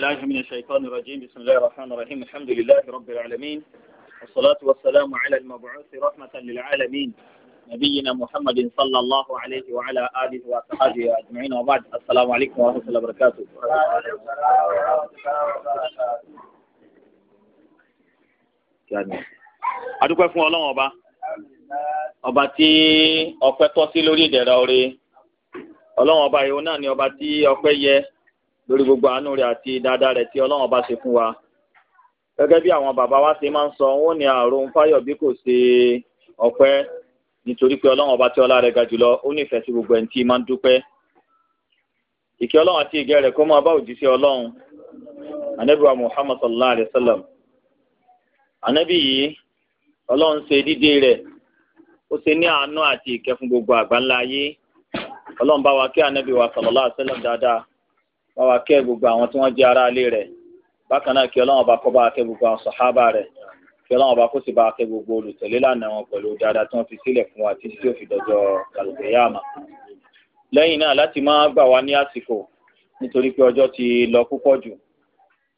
الله من الشيطان الرجيم بسم الله الرحمن الرحيم الحمد لله رب العالمين والصلاة والسلام على المبعوث رحمة للعالمين نبينا محمد صلى الله عليه وعلى آله وصحبه أجمعين وبعد السلام عليكم ورحمة الله وبركاته adúpẹ́ fún ọlọ́run ọba ọba tí ọpẹ́ tọ́ sí lórí ìdẹ̀ra ọrẹ ọlọ́run ọba yìí náà ni ọba tí ọpẹ́ yẹ lórí gbogbo àánú rẹ̀ àti dáadáa rẹ̀ tí Ọlọ́run bá ṣe fún wa gẹ́gẹ́ bí àwọn bàbá wa ṣe máa ń sọ wọn ní àrùn fáyọ̀ bí kò ṣe ọpẹ́ nítorí pé Ọlọ́run ọba tí ọlá rẹ̀ ga jùlọ ó nífẹ̀ẹ́ sí gbogbo ẹni tí máa ń dúpẹ́ ìkẹ́ Ọlọ́run àti ìgẹ́ rẹ̀ kó máa bá òjíṣẹ́ Ọlọ́run anabi Muhammad sallallahu alayhi wa sallam anabi yìí Ọlọ́run ṣe dídé rẹ̀ ó ṣe ní àánú àti ìkẹ́ fún gbogbo àgbáńlá ayé Ọlọ́run bá wa kí anabi sallallahu alayhi wa sallam dáadáa bá wa kẹ́ gbogbo àwọn tí wọ́n jẹ́ ará ilé rẹ̀ bákan náà kí ọlọ́run ọba kó bá wa kẹ́ gbogbo àwọn sàhábà rẹ̀ kí ọlọ́run ọba kó sì bá wa kẹ́ gbogbo olùtẹ̀lé lánàá wọn pẹ̀lú dáadáa tí wọ́n fi sílẹ̀ fún wa títí tí ó fi dọjọ́ kàlùkẹ́yàmà lẹ́yìn náà láti máa gbà wá ní àsìkò nítorí pé ọjọ́ ti lọ púpọ̀ jù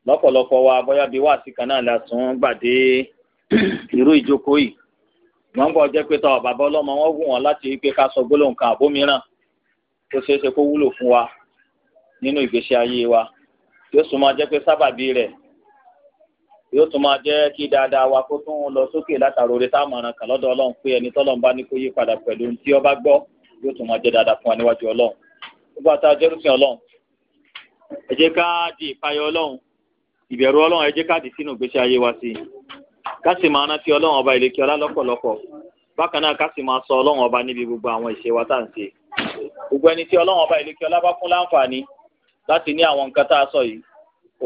lọ́pọ̀lọpọ̀ wa bóyá bíi wáàsí kan náà la sùn gbàdé irú ìjókòó yìí wọ́n ń gbọ́ pé tọ́ bàbá ọlọ́mọ wọn wù wọ́n láti rí pé ká sọ gbólóhùn kan àbómíràn tó ṣeé ṣe kó wúlò fún wa nínú ìgbésí ayé wa yóò tún máa jẹ́ pé sábàbí rẹ̀ yóò tún máa jẹ́ kí dáadáa wa kó tún lọ sókè látàrí oore táwọn ọ̀ràn kan lọ́dọ̀ ọlọ́run pé ẹni tọ́lọ́run bá ní kó yí padà pẹ̀lú ohun tí ó bá gbọ́ yóò tún máa jẹ́ dáadáa fún wa níwájú ọlọ́run gbogbo àti ajẹ́rùsìn ọlọ́run ẹ jẹ́ ká di ìpayọ̀ ọlọ́run ìbẹ̀rù ọlọ́run ẹ jẹ́ ká di sínú ìgbésí ayé wa sí i ká sì máa rántí ọlọ́run ọba ìlẹ̀kí ọlá lọ́pọ̀lọpọ̀ bákan náà ká sì máa sọ ọlọ́run ọba níbi gbogbo àwọn ìṣe wa tá ń ṣe gbogbo ẹni tí ọlọ́run ọba ìlẹ̀kí ọlá bá fún láǹfààní láti ní àwọn nǹkan tá a sọ yìí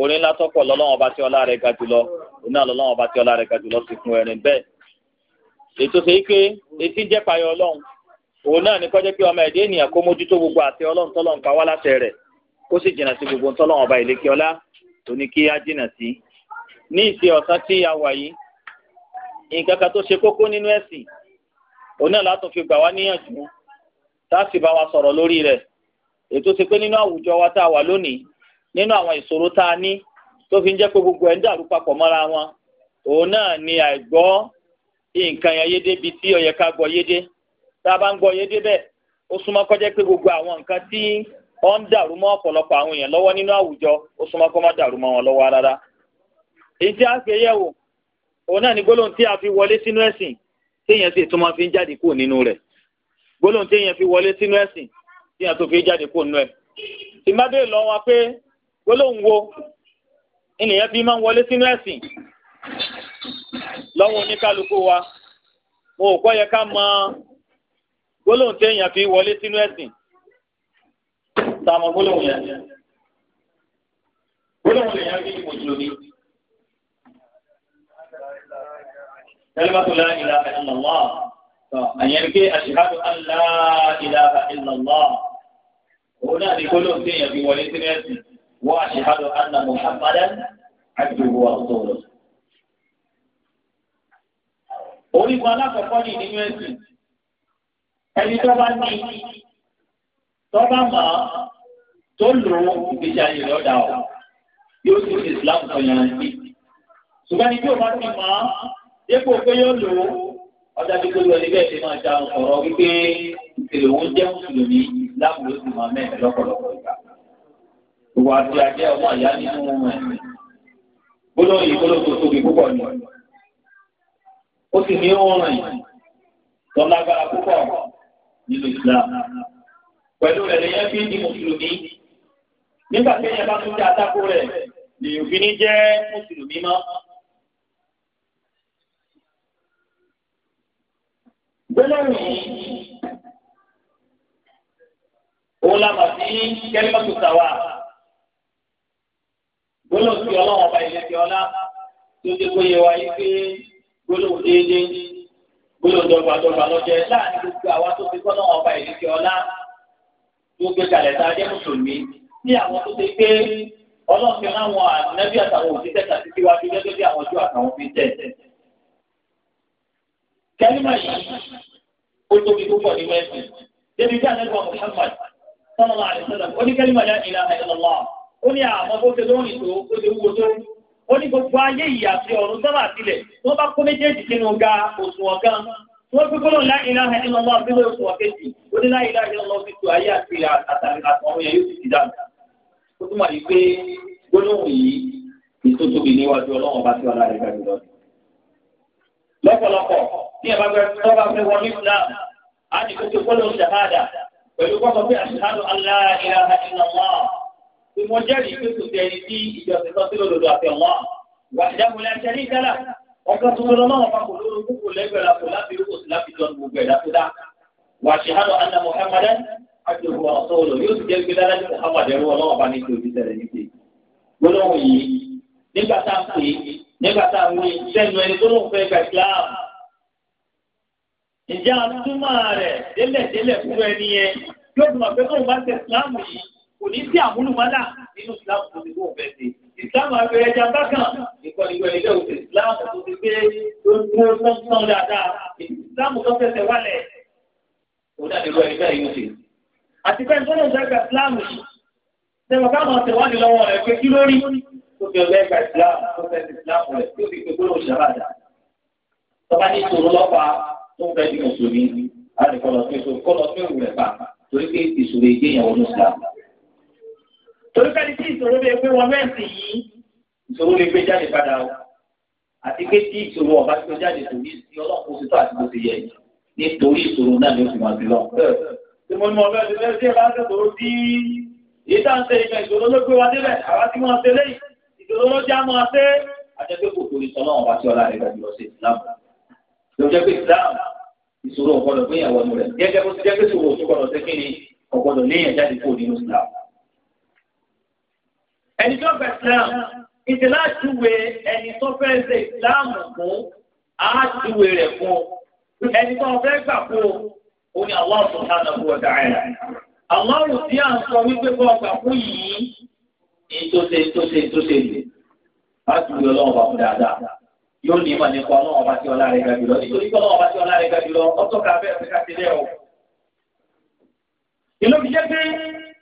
orin ńlá tọ́pọ̀ lọ́lọ́wọ́n bá ti ọlá rẹ̀ ga jùlọ oní àlọ́lọ́wọ́n bá ti ọlá rẹ̀ ga jùlọ sí fún ẹ̀rín bẹ́ẹ̀. ètò ṣe pé etí ń jẹ́ payọ̀ ọlọ́run òun náà ní kọ́jẹ́ pé ọmọ ẹ̀dẹ́ ènìyàn kó mójútó gbogbo àti ọlọ́run tọ́lọ́run pa wá láṣẹ rẹ̀ kó sì jìnnà sí gbogbo tọ́lọ́run ọba ìlékè ọlá tó ní kí á jìnnà sí. ní ìṣe ọ̀sán tí a wà yìí nǹkan kan tó ṣe kókó nínú ẹ̀sìn òun náà látún fi gbà wá níyànjú tá a sì bá wa sọ̀rọ̀ lórí rẹ̀ ètò ṣe pé nínú àwùjọ wa tá a wà lónìí nínú àwọn ìṣòro tá a ní tó fi ń jẹ́ pé gbogbo ẹ̀ ń dàrú papọ̀ mọ́ra wọn òun náà ni àìgbọ́ nǹkan yẹn yédé bíi tí ó yẹ ká gbọ́ yédé tá a bá ń gbọ́ yédé bẹ́ẹ̀ ó súnmọ́ kó jẹ́ pé gbogbo àwọn nǹkan tí ó ń dàrú mọ́ ọ̀pọ̀lọpọ̀ àwọn èèyàn lọ́wọ́ nínú àwùjọ ó súnmọ́ kó má dàrú mọ́ wọn lọ́wọ́ rárá. èyí tí òun náà ni gbólóhùn tí a fi wọlé sínú ẹ̀sìn téèyàn sì tún máa fi ń jáde kúrò nínú rẹ̀ gbólóhùn téèyàn fi wọlé sínú ẹ̀sìn tí a tó fi jáde kó nù ẹ tí lọ wa pé gbólóhùn wo ènìyàn fi máa ń wọlé sínú ẹ̀sìn lọ́wọ́ oníkálukú wa mo ò kọ́ yẹ ká mọ gbólóhùn téèyàn fi wọlé sínú ẹ̀sìn tá a mọ gbólóhùn yẹn gbólóhùn lèèyàn fi mọ̀ jùlọ ní. كلمة لا إله إلا الله أن يلقي òun náà ní gbólóhùn tí èèyàn fi wọlé sí mẹ́sì wọ́n ashhadu anna muhammadan abduhu wa rasuluhu. orígun alákọ̀ọ́kọ́ ní nínú ẹ̀sìn ẹni tó bá ní tó bá mọ̀ tó lò ó ìgbésí ayé rẹ̀ ọ̀dà ọ̀ yóò ti fi islam sọ yàn án sí. ṣùgbọ́n ní bí bá ti mọ̀ dépò pé yóò lò ó ọjà bí kò lọ níbẹ̀ ṣe máa ja ọ̀rọ̀ wípé ìṣèlú òun jẹ́ mùsùlùmí ìsìláàmù ló sì máa mẹ́rin lọ́pọ̀lọpọ̀ ìgbà. Gbogbo àti ajé ọmọ ìyá nínú ẹ̀mí. Gbólóhùn yìí gbólóhùn tó tóbi púpọ̀ ni. Ó sì ní òórùn yìí tó lágbára púpọ̀ nínú ìsìláàmù. Pẹ̀lú rẹ̀ lè yẹn fi di mùsùlùmí. Nígbà tí ẹ̀yẹ bá tún jẹ́ àtakò rẹ̀, lèyìn òfin ní jẹ́ mùsùlùmí mọ́. Gbólóhùn yìí òun la mà sí kẹ́lẹ́mọ̀tò tàwa gbólóhùn tí ọlọ́run ọba ilé ti ọlá tó ti kó yẹ wa yí pé gbólóhùn déédéé gbólóhùn dọ́gbadọ́gba lọ́jẹ́ láàrin gbogbo àwa tó ti kọ́ náà ọba ilé ti ọlá tó gbé kalẹ̀ tá a jẹ́ mùsùlùmí ní àwọn tó ti pé ọlọ́run fi láwọn ànábì àtàwọn òṣìṣẹ́ tàbí síwájú gẹ́gẹ́ bí àwọn ojú àtàwọn fi tẹ̀. kẹ́límà yìí ó tóbi púpọ̀ ní mẹ́sìn débi bí àlẹ́ sallallahu alaihi wasallam ó ní kẹ́límà la ilaha illallah ó ní àmọ́ bó ṣe lóhùn tó ó ṣe wúwo tó ó ní gbogbo ayé ga òṣùwọ̀n kan tó fi gbọ́dọ̀ la ilaha illallah bí wọ́n òṣùwọ̀n kejì ó ní la ilaha illallah ti ti dànù ó túmọ̀ yìí pẹ̀lú kọ́kọ́ pé ashhadu an la ilaha illallah tí mo jẹ́rìí pé kò sí ẹni tí ìjọsìn lọ sí lòdòdó àti ọ̀wá wahdahu la sharika lahu ọ̀gá tó lọ náà wà kò lóru kókò lẹ́gbẹ̀ẹ́ la kò láti rúkò sí láti jọ gbogbo ẹ̀dá tó dá wa ashhadu anna muhammadan abduhu wa rasuluhu yóò sì jẹ́ gbé dára ìjà túmọ̀ rẹ̀ délẹ̀délẹ̀ fún ẹni yẹn yóò tún àgbẹ̀ tóun bá tẹ ìsìláàmù yìí kò ní sí àmúlùmọ́lá nínú ìsìláàmù tó ti kó bẹ̀ sí. ìsìláàmù abẹ́rẹ́ ẹja bákan ìkọlù ìwé ilé òkè ìsìláàmù tó ti gbé gbogbo sọ́nsọ́n dáadáa ìsìláàmù tó fẹsẹ̀ wálẹ̀ òun náà nílò ẹ̀ka yìí ṣe. àti pé nítorí ọ̀sẹ̀ ẹ̀ka ìsìláàmù yìí sẹ́wọ̀n káwọn ọ̀sẹ̀ wádìí lọ́wọ́ rẹ̀ pé kí lórí tó fi ọ̀sẹ̀ ẹ̀ka ìsìláàmù tó fẹsẹ̀ ìsìláàmù rẹ̀ tó fi gbogbo òṣèlú àdá. tọ́ba ní ìṣòro lọ́pàá tó fẹ́ di mùsùlùmí láti kọ́ lọ sí ìṣòro kọ́ lọ sí ìwù rẹ̀ pa torí pé ìṣòro ìgbé ìyàwó ní ìsìlá. torí pé tí ìṣòro bẹ pé wọn mẹ́sì yìí ìṣòro lè gbé jáde padà o àti pé tí ìṣòro ọba tó jáde kò ní sí ọlọ́pàá oṣù tó àti bó ti yẹ nítorí ìṣòro náà ló fi wọn sí lọ. tí mo ní ọbẹ̀ ìṣòro tí ẹ bá ń tẹ̀sọ̀rọ̀ sí ìta ń ṣe ìfẹ́ ìṣòro ló gbé wa débẹ̀ àwa tí wọ́n ṣe lẹ́yìn ìṣòro ló já máa ṣe àjẹpẹ́ kò torí sọ náà lọ́jọ́ pé islam ìṣòro ọ̀gbọ́dọ̀ pé ìyàwó ọmọ rẹ gẹ́gẹ́ bó ti jẹ́ pé ìṣòro òtún gbọ́dọ̀ sí kíni ọ̀gbọ́dọ̀ léèyàn jáde kúrò nínú islam. ẹni tó fẹ́ islam ìdí láti wé ẹni tó fẹ́ ṣe islam fún àádúwé rẹ̀ fún ẹni tó fẹ́ gbà fún o ní àwọn ń sọ wípé ọgbà fún yìí ètò yóò ní ìmọ̀ nípa ọlọ́run ọba tí ọlá rẹ̀ ga jùlọ nítorí pé ọlọ́run ọba tí ọlá rẹ̀ ga jùlọ ọtọ́ ká bẹ́ẹ̀ fẹ́ ká ti lẹ́ o. ìlú fi jẹ́ pé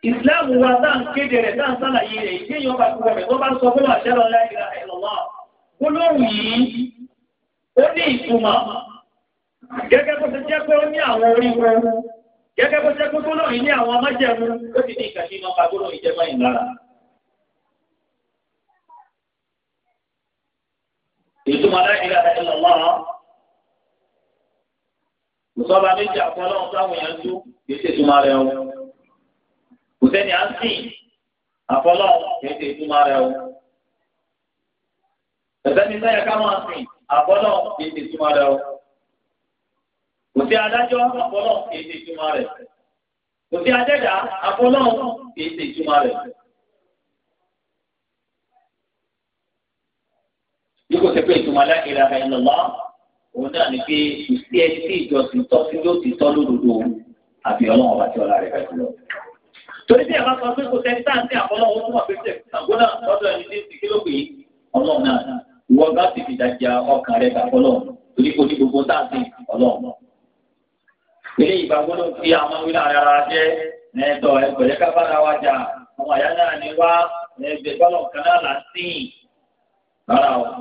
ìsìláàmù wa tá à ń kéde rẹ̀ tá à ń sàlàyé rẹ̀ ìdí èèyàn bá kúrò rẹ̀ tó bá sọ fún àṣẹ lọ láì ra ẹ̀ lọ́wọ́. yìí ó ní ìtumọ̀ gẹ́gẹ́ bó ṣe jẹ́ pé ó ní àwọn oríwo gẹ́gẹ́ bó ṣe pé gbólóhùn ní àwọn májẹ̀mú ó ti ní ìkàṣí ìtumọ̀ aláìlá ìlọ́lá mùsọ́lá méjì àkọlọ́hún táwọn èèyàn tú kìí ṣe ìtumọ̀ rẹ̀ o kò sẹ́ni à ń sìn àkọlọ́hún kìí ṣe ìtumọ̀ rẹ̀ o ẹ̀sẹ̀ni sẹ́yẹ ká máa sìn àkọlọ́hún kìí ṣe ìtumọ̀ rẹ̀ o kò sí adájọ́ àkọlọ́hún kìí ìtumọ̀ rẹ̀ kò sí adẹ́dà àkọlọ́hún kìí ìtumọ̀ rẹ̀. kó ṣe pé ìtumọ̀ la ilaha illallah òun náà ni pé kò sí ẹni tí ìjọsìn tọ́ sí yóò ti tọ́ lódodo àbí ọlọ́run ọba tí ọlá rẹ̀ bá jùlọ. torí bí ẹ̀ka sọ pé kò sẹ́ni táǹtì àfọlọ́ wọn túmọ̀ pé ṣàgbọ́n náà lọ́dọ̀ ẹni tí ti kílò pé ọlọ́run náà ìwọ bá ti fi dájà ọkàn rẹ̀ gbàfọ́lọ́ torí kò ní gbogbo táǹtì ọlọ́run. ilé ìgbàgbọ́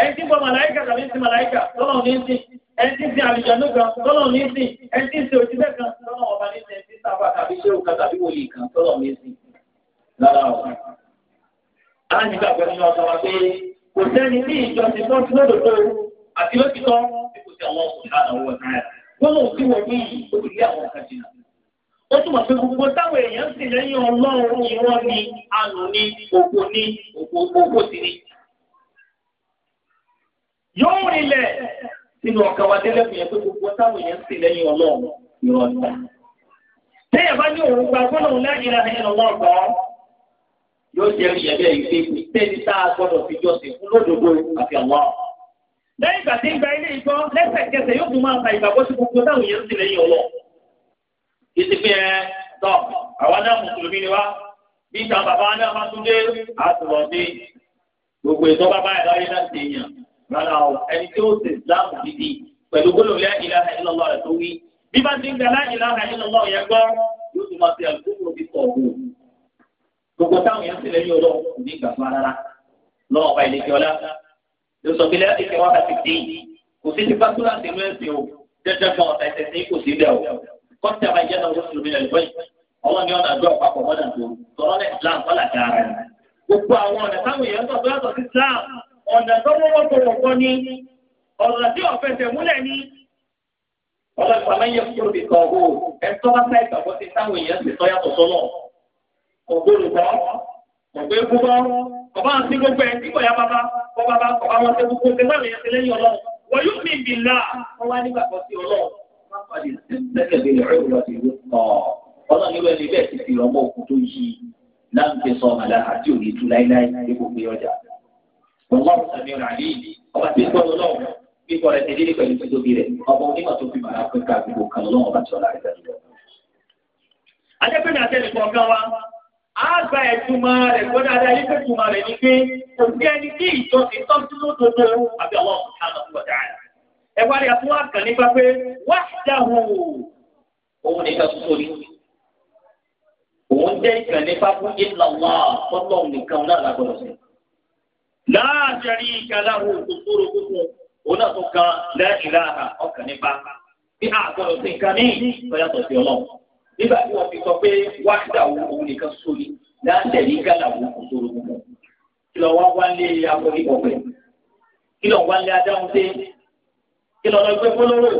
ẹni tí ń bọ màláìkà tàbí ń sin màláìkà tọ́lọ̀ ní sìn ẹni tí ń sin àlùjànnú kan tọ́lọ̀ ní sìn ẹni tí ń sin òṣìṣẹ́ kan tọ́lọ̀ ọba ní sìn ẹni tí ń sábà tàbí ṣé òkà tàbí wòlíì kan tọ́lọ̀ ní sìn lára wọn. aláǹdígbà pẹ̀lú ní ọ̀sán wa pé kò sẹ́ni ní ìjọsìn tó ti lódòdó àti lókìtọ́ bí kò sí àwọn ọkùnrin àná owó ọ̀sán rẹ̀ gbọ́dọ̀ tí wọ́n ní olùlé àwọn ọ̀sán jìnnà ó túmọ̀ pé gbogbo táwọn èèyàn sì lẹ́yìn ọlọ́run ìwọ́n ni àánú ni ògo ni ògo ni yóò rinlẹ̀ sínú ọkàn wa délẹ́kùn yẹn pé gbogbo táwọn yẹn ń ta. Téèyàn bá ní òun gba gbọ́dọ̀ Yóò jẹ́ ìyẹn bẹ́ẹ̀ ìgbé a fún lódodo àti Lẹ́yìn ìgbà tí ń gba ilé ìjọ lẹ́sẹ̀kẹsẹ̀ yóò tún máa ta ìgbàgbọ́ sí gbogbo táwọn yẹn ń lẹ́yìn Ìsìnkú ni rárá o ẹni tí ó ṣe islam gidi pẹ̀lú gbólóhùn la ilaha rẹ̀ tó wí bí bá ti ń gbà la ilaha illallah yẹn gbọ́ yóò tún máa ṣe àlùkò bí sọ̀rọ̀ gbogbo táwọn yẹn ti lẹ́yìn ọlọ́run kò ní gbàgbọ́ rárá lọ́wọ́ ọba ìlẹ́jọ́ ọlá ló sọ pé lẹ́yìn ìkẹwàá àti dé kò sí ti pásítọ̀ àti inú ẹ̀sìn o jẹ́jẹ́ kan ọ̀tá ẹ̀sẹ̀ sí kò sí bẹ́ẹ̀ o kọ́ńtà bá jẹ́ ọ̀nà tó wọ́pọ̀wọ́pọ̀ ni ọ̀nà tí ọ̀fẹ́sẹ̀ múlẹ̀ ni. ọ̀nà tó àmọ́ yẹ kúrò bí kan o ẹ̀tọ́ bá fẹ́ ìgbàgbọ́ ti táwọn èèyàn sì tọ́yàtọ̀ sọ́nà. ògbólùkọ́ ọ̀gbẹ́ gbúgbọ́ ọba àti gbogbo ẹ̀ tí kò yá bàbá kọ́ bàbá kọ́ àwọn tẹ gbogbo tẹ báwọn èèyàn ti lẹ́yìn ọlọ́run wọ́n yóò mí bì ńlá wọ́n wá nígbàgbọ́ sí ọlọ́run wọ́n pàdé sẹ́kẹ̀dẹ̀ rẹ̀ wọ́n ti ọlọ́run sàmì ọ̀rọ̀ àlẹ́ yìí ọba tí gbọ́ ọlọ́run bí kọ́ rẹ̀ ti délé pẹ̀lú títóbi rẹ̀ ọba onímọ̀ tó fi bàrà pé káàkiri kò kan ọlọ́run ọba tí ọ̀la rẹ̀ dàdúrà. adẹ́pẹ́ni àtẹnì kọ̀ọ̀kan wa á gba ẹ̀túmọ̀ rẹ̀ gbọ́dọ̀ adé ayé pé túmọ̀ rẹ̀ ni pé kò sí ẹni tí ìjọ ti tọ́ sí lódodo àbí ọlọ́run sàmì ọ̀rọ̀ dáadáa. ẹ wá rí àtúwọ̀ àkàn nípa pé wá láàjẹrí ìkàláwò kòkòrò kòkòrò òun náà tó kan lẹ́yìnlá ọkàn nípa bí àgọ́dọ̀ sí nǹkan ní ìtọ́yàtọ̀ sí ọlọ́run nígbà tí wọ́n fi sọ pé wáṣídà wo òun nìkan sórí láàjẹrí ìkàláwò kòkòrò kòkòrò kí lọ wá wálé akọ́lé ọ̀pẹ kí lọ wálé adáhùn dé kí lọ lọ gbé fọlọ́rọ̀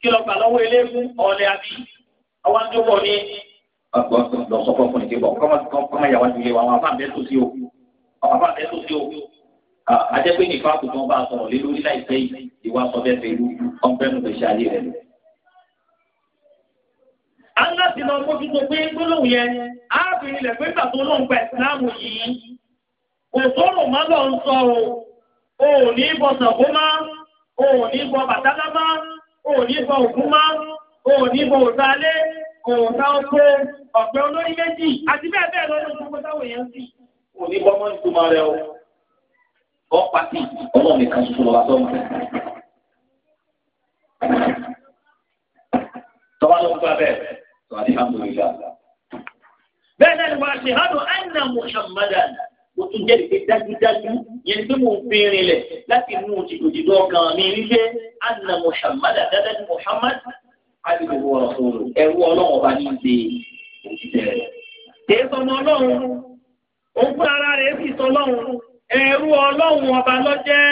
kí lọ gbà lọ́wọ́ eléégún ọ̀lẹ́ àbí àwọn àjọpọ̀ ní. ọ̀pọ̀ lọ sọ fún ọkùnrin tí bọ̀ kọ́mọ yàwá ju ilé bàbá rẹ tó dé o àjẹpé nìkan àkùtàn bá a sọ̀rọ̀ lé lórí láìpẹ́ yìí ìwà sọfẹfẹ ìlú ọgbẹnu gbèsè ayé rẹ. aláti lọ mójútó pé gbólóhùn yẹn ábìrin lẹ pé gbàgbó ló ń gba ìsìláàmù yìí kò sọ̀rọ̀ má lọ ń sọ o ò ní bọ Ṣàngó má ò ní bọ Bàtálá má ò ní bọ Ògún má ò ní bọ òsàlẹ̀ òòtà oko ọ̀pẹ olórí méjì àti bẹ́ẹ̀ bẹ́ẹ̀ lọ́dún gbogbo táwọn èèyàn sì òní bọ́mọ́ ìtumọ̀ rẹ o ọ pati ọlọ́run nìkan ṣoṣo lọ́wọ́ àtọ́mọ. tọ́wọ́ ló ń gbà bẹ́ẹ̀ tọ́wọ́ ní alhamdulillah. bẹ́ẹ̀ náà ni wàá ṣe hàdùn anna muhammadan mo tún jẹ́ ìpè dájúdájú yẹn tí mo fi rinlẹ̀ láti mú jìdòjìdò ọkàn mi wípé anna muhammadan dáadáa ni muhammad alìbòwò ọ̀rọ̀ sọ̀rọ̀ ẹ̀rú ọlọ́run ọba ní ìgbé òṣìṣẹ́ rẹ̀. tẹ̀sán ọlọ́run òun fún ara rẹ̀ fi sọ lọ́hùn ẹ̀rú ọlọ́hùn ọba lọ́jẹ́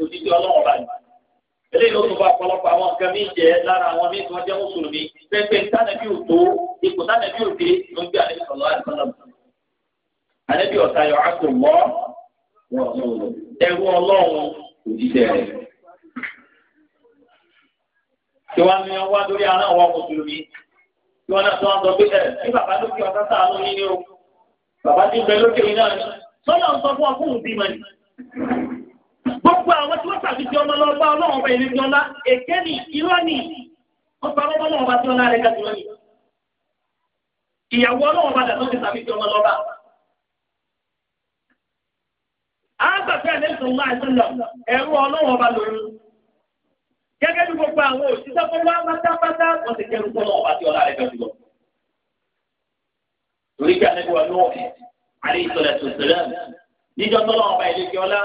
òjijì ọlọ́hùn ọba yìí. eléyìí ló tún bá ọ̀pọ̀lọpọ̀ àwọn nǹkan mí jẹ lára àwọn mí tí wọ́n jẹ́ mùsùlùmí pẹ́pẹ́ tánàbí òtó ipò tánàbí òde ló ń gbé àlejò sọ̀rọ̀ àdìsọ́lọ́mù. àlejò ọ̀tá yọ àkó mọ́ ẹ̀rú ọlọ́hùn òjijì rẹ̀. tí wọ́n ní wá lórí aláwọ̀ mùsùlùmí tí wọ́n náà tó wọn sọ pé ẹ̀ ní bàbá lókè ọ̀tá sáà lóyún ní o bàbá tí ń bẹ lókè yìí náà ni sọ́nà ń sọ fún ọ fún òbí mọ́ni. gbogbo àwọn tí wọ́n tàbí ti ọmọ lọ bá ọlọ́run ọba ìrìn ti ọlá èké ni irọ́ ni wọ́n sọ ọmọ ọlọ́run ọba ti ọlá rẹ̀ gàdúrà ni. ìyàwó ọlọ́run ọba dàtọ́ ti tàbí ti ọmọ lọ bá. àgbàfẹ́ àlẹ́sùn máa ń lọ ẹ̀rú ọlọ́run ọba lòun. gẹ́gẹ́ bí gbogbo àwọn òṣìṣẹ́ torí pé àlejò wa lọ́wọ́ àlẹ́ ìsọ̀lẹ̀ tó sẹlẹ̀ ọba ọlá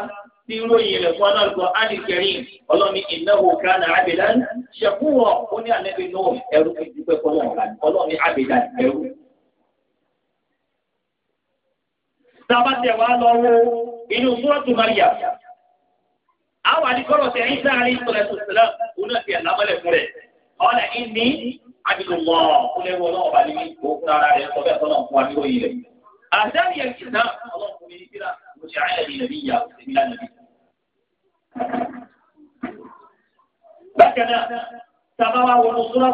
tí ròyìn rẹ̀ fún anáàlùkọ́ àdìkẹ́rì ọlọ́ni ìnáwó kánà abidjan ṣẹ̀kúwọ̀ ó ní ẹrú abidjan ẹrú. lọ wo inú àwọn sáà àbíkọ̀wọ́ kúlẹ̀wọ́ náà wà níbi òkúra ara rẹ̀ n'ala bẹ́ẹ̀ sọ́nà fún wa nírò àdáni ẹ̀sìn náà ọlọ́run mi ní mo ṣe àyẹ̀ ní nàbí ìyá òsèmí lánàbí. bákan àwọn kúrò kúrò kúrò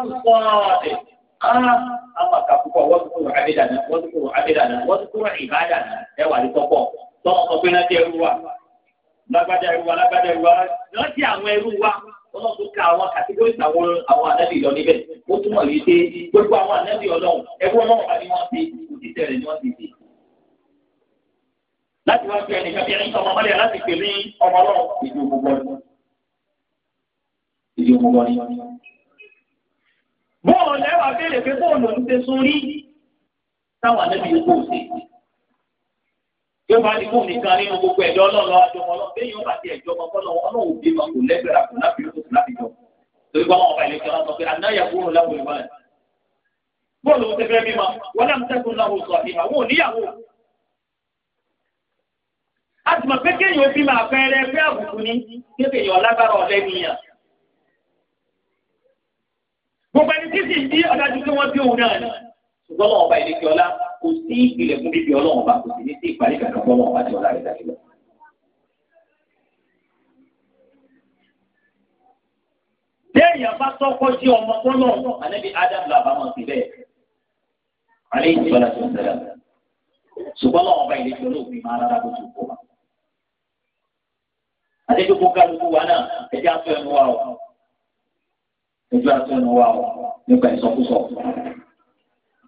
ní tọpọ. ẹrú wa ẹrú wa ẹrú wa àwọn ẹrú wa ọlọ́run tó ka àwọn kàtígórì àwọn àwọn ànábì lọ níbẹ̀ ó túmọ̀ yìí pé gbogbo àwọn ànábì ọlọ́run ẹgbẹ́ ọlọ́run bá ní wọ́n ti òtítẹ́ rẹ̀ ni wọ́n ti di. láti wá pé ẹnìkan bí ẹni ọmọ ọmọlẹ́ láti pè ní ọmọ ọlọ́run ìdí ògbógbó ni. ìdí ògbógbó ni. bọ́ọ̀lù ẹwà béèrè pé bọ́ọ̀lù ń ṣe sórí táwọn ànábì yóò kó yóò bá ní fún nìkan nínú gbogbo ẹ̀dọ́ ọlọ́run àjọmọ́ ọlọ́run bẹ́ẹ̀ yóò bá ti ẹ̀jọ́ ọmọ kọ́nà ọlọ́run òbí ma kò lẹ́gbẹ̀rẹ́ àkùn láti yóò tó láti jọ. torí bá wọn ọba ilé kan sọ pé anáyà kúrò láwọn ìwà rẹ̀. bọ́ọ̀lù ó ti fẹ́ bímọ wọn náà ń tẹ́kùn náà sọ àfihàn wọn ò níyàwó. a ti mọ̀ pé kéèyàn bí máa fẹ́rẹ́ pé àbùkù ni kéèyàn lágbára ọ̀lẹ́ nìyàn. gbogbo ẹni tí sì ń bí ọ̀dájú pé wọ́n bí òun náà ṣùgbọ́n lọ́wọ́ ọba ìdíkẹ́ ọlá kò sí ìpìlẹ̀ fún bíbí ọlọ́wọ́ ọba kò sì ní sí ìparí kàkà fún ọlọ́wọ́ ọba tí ọlá rẹ̀ dájú lọ. lẹ́yìn àbá tọ́kọ́ sí ọmọ tọ́lọ̀ ànábi Adam làbá mọ̀ sí bẹ́ẹ̀ alẹ́ ìṣọ́lá tó ń sẹ́lẹ̀ ṣùgbọ́n lọ́wọ́ ọba ìdíkẹ́ olóògbé máa rárá bó ti kó wa. adédúgbò kálukú wa náà ẹjẹ́ àtọ́ ẹnu wa o ẹjọ́ àtọ́ ẹnu wa o nípa ìsọkúsọ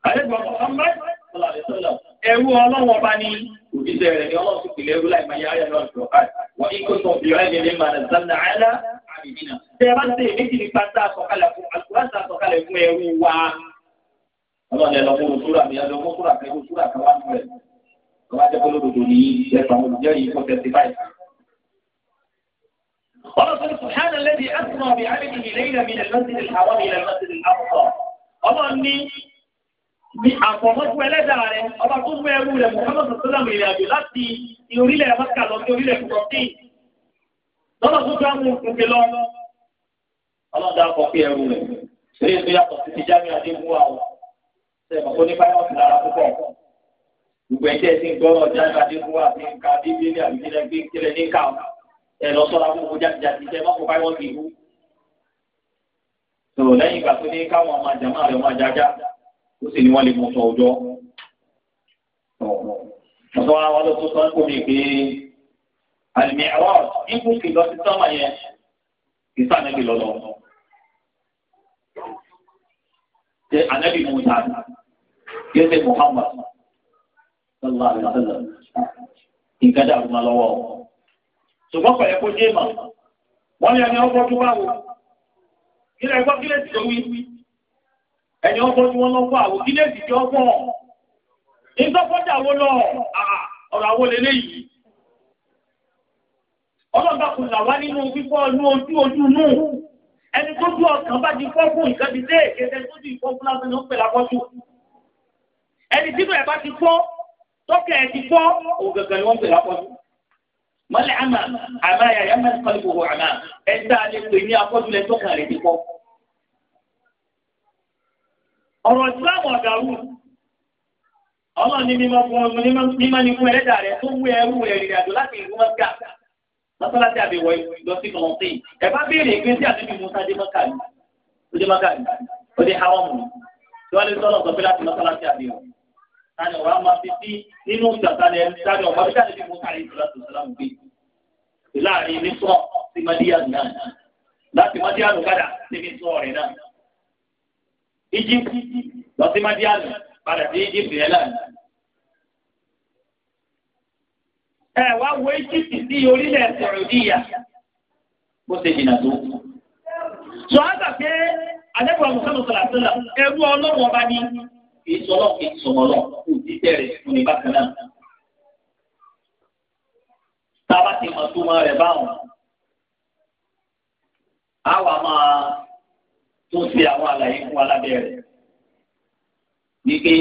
àlejò Muhammad sallallahu alaihi wasallam ẹrú ọlọ́run ọba ní òbíṣẹ́ rẹ̀ ni ọlọ́run ti pìlẹ̀ ẹrú láì máa yá ayọ̀ náà jọ̀ọ́ wọ́n ní kó sọ̀rọ̀ bìrẹ́ mi ní màdà zanna àlá àbìbínà. tẹ́ ẹ bá ṣe èméjì nípa tá a sọ̀kalẹ̀ fún àkùrẹ́sà sọ̀kalẹ̀ fún ẹrú wa. ọlọ́run ẹ òṣùrà mi ẹ lọ fún òṣùrà kan wá nù rẹ̀. ọba jẹ́ polódodo ní ẹ̀fọn olùjẹ́rìí kó tẹ̀sí báyìí. قال سبحان ní àfọ̀mọ́jú ẹlẹ́dàá rẹ̀ ọba tó mú ẹrú rẹ̀ Muhammad sallam ìrìn àjò láti orílẹ̀ mọ́kà lọ sí orílẹ̀ kùtọ́sìn lọ́nà tó fẹ́ mú òkè lọ. ọlọ́dà kọ̀ pé ẹrú rẹ̀ ṣeré ìlú yàtọ̀ sí ti jáwé adébú àwọn sẹ́wọ̀n tó ní báyọ̀ sí lára púpọ̀. gbogbo ẹ̀jẹ̀ ti ń gbọ́rọ̀ jáwé adébú àti nǹka bíbélì àbíkílẹ̀ gbé kílẹ̀ ní ká ẹ̀ lọ sọ́ra gbogbo jáde-jáde jẹ́ mọ́kò báyọ̀ sí ìlú. tó lẹ́yìn ìgbà tó ní káwọn ó sì ní wọ́n lè mú sọ ọjọ́. ọ̀sọ́ wa wá lọ tó sọ ẹ́kọ́ mi pé àlùmí ẹ̀rọ ikú kì lọ sí sọ́mà yẹn kì sọ ànábì lọ́lọ́. ṣé ànábì mú ta yóò ṣe Muhammad sallallahu alaihi wasallam nǹkan dàrú ma lọ́wọ́ kó jẹ́ mà wọ́n ní ẹni ọgbọ́n tó bá wò kílẹ̀ ẹgbọ́n kílẹ̀ ti tó wí ẹni ọgbọ́n tí wọ́n lọ fún àwọn kílẹ̀ ìdíje ọgbọ́n ìtọ́kọ́jà wo lọ ọ̀rọ̀ àwọn eléyìí ọlọ́gbà kò là wá nínú fífọ́ inú ojú ojú nù ẹni tó ju ọkàn bá di fọ́fún nǹkan ti dé èkéde tó ju ìfọ́fún lásán ló ń pè lápọ́jú ẹni tí bẹ̀rẹ̀ bá ti fọ́ tọ́kẹ̀ ẹ̀ ti fọ́ òun gẹ̀gẹ̀ ni wọ́n ń pè lápọ́jú mọ́lẹ̀ àmà àmà yàyà mẹ́rin kan ní gbogbo àmà ẹ̀ ń dá alẹ́ pé ní apọ́jú lẹ́ tọ́kàn rẹ̀ ti fọ́ ọ̀rọ̀ ìsìláàmù ọ̀dàrú ọmọ ní mímọ́ fún ọmọ mímọ́ ní fún ẹlẹ́dàá rẹ tó wú ẹrú rẹ rìnrìn àjò láti ìlú mọ́kà lọ́sọ́láṣí àbẹ̀wọ̀ lọ sí kọ̀ọ̀tì ẹ̀ bá béèrè ìgbé sí àdébí musa dé mọ́kà ní ọdẹ mọ́kà ní ọdẹ haram ní tí wọ́n lè sọ́nà sọ pé láti lọ́sọ́láṣí àbẹ̀wọ̀ tani ọ̀rọ̀ máa fi sí nínú ìjàkálẹ̀ tani ọ̀rọ̀ bí àdébí musa yìí sọ́lá tó sọ́lá gbé láàrin ní sọ́ọ̀ sí madiyan náà láti madiyan Íjíbítì lọ sí Mádíàlì padà sí Íjíbítì yẹn lánàá. Ẹ wá wo Íjíbítì sí orílẹ̀ Sọ̀rọ̀díyà bó ṣe jìnnà tó. Sọ àgbà pé àdẹ́gbọ̀n Mùsùlùmí sọ̀rọ̀ àtúnlá ẹrú ọlọ́wọ́ bá ní kìí sọ̀rọ̀ kìí sọ̀rọ̀ lọ kò títẹ̀ rẹ̀ fún ní bákan náà. Tábà ti mọ̀ tó máa rẹ̀ báwọn. Àwa máa tó ṣe àwọn àlàyé fún alábẹ́ rẹ̀ ní pé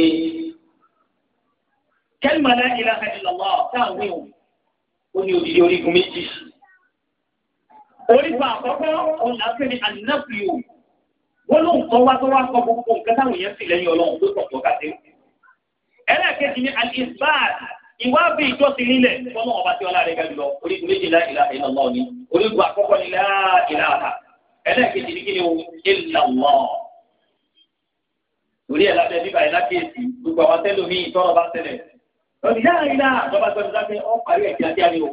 kẹ́lìmà la ilaha illallah táwọn èèyàn ó ní odidi orígun méjì orígun àkọ́kọ́ òun là ń pè ní ànáfíò wọ́n ló ń kọ́ wá tó wá kọ́ gbogbo nǹkan táwọn èèyàn sì lẹ́yìn ọlọ́run tó tọ̀tọ̀ ká sí. ẹlẹ́ẹ̀kejì ni al ìwádìí ìjọsìn nílẹ̀ wọ́n náà wọ́n bá tí wọ́n láre orígun méjì la ni orígun àkọ́kọ́ ni la ẹlẹ́ẹ̀kejì ní kíni o ìlà wọ́ torí ẹ̀ lábẹ́ bíbá ẹ̀ lákèésì gbogbo àwọn tẹ́lómìn tọ́rọ̀ bá tẹ́lẹ̀ lọ́dí láàrínà lọ́ba tó ń dákẹ́ ọ́ parí ẹ̀ kíákíá ni o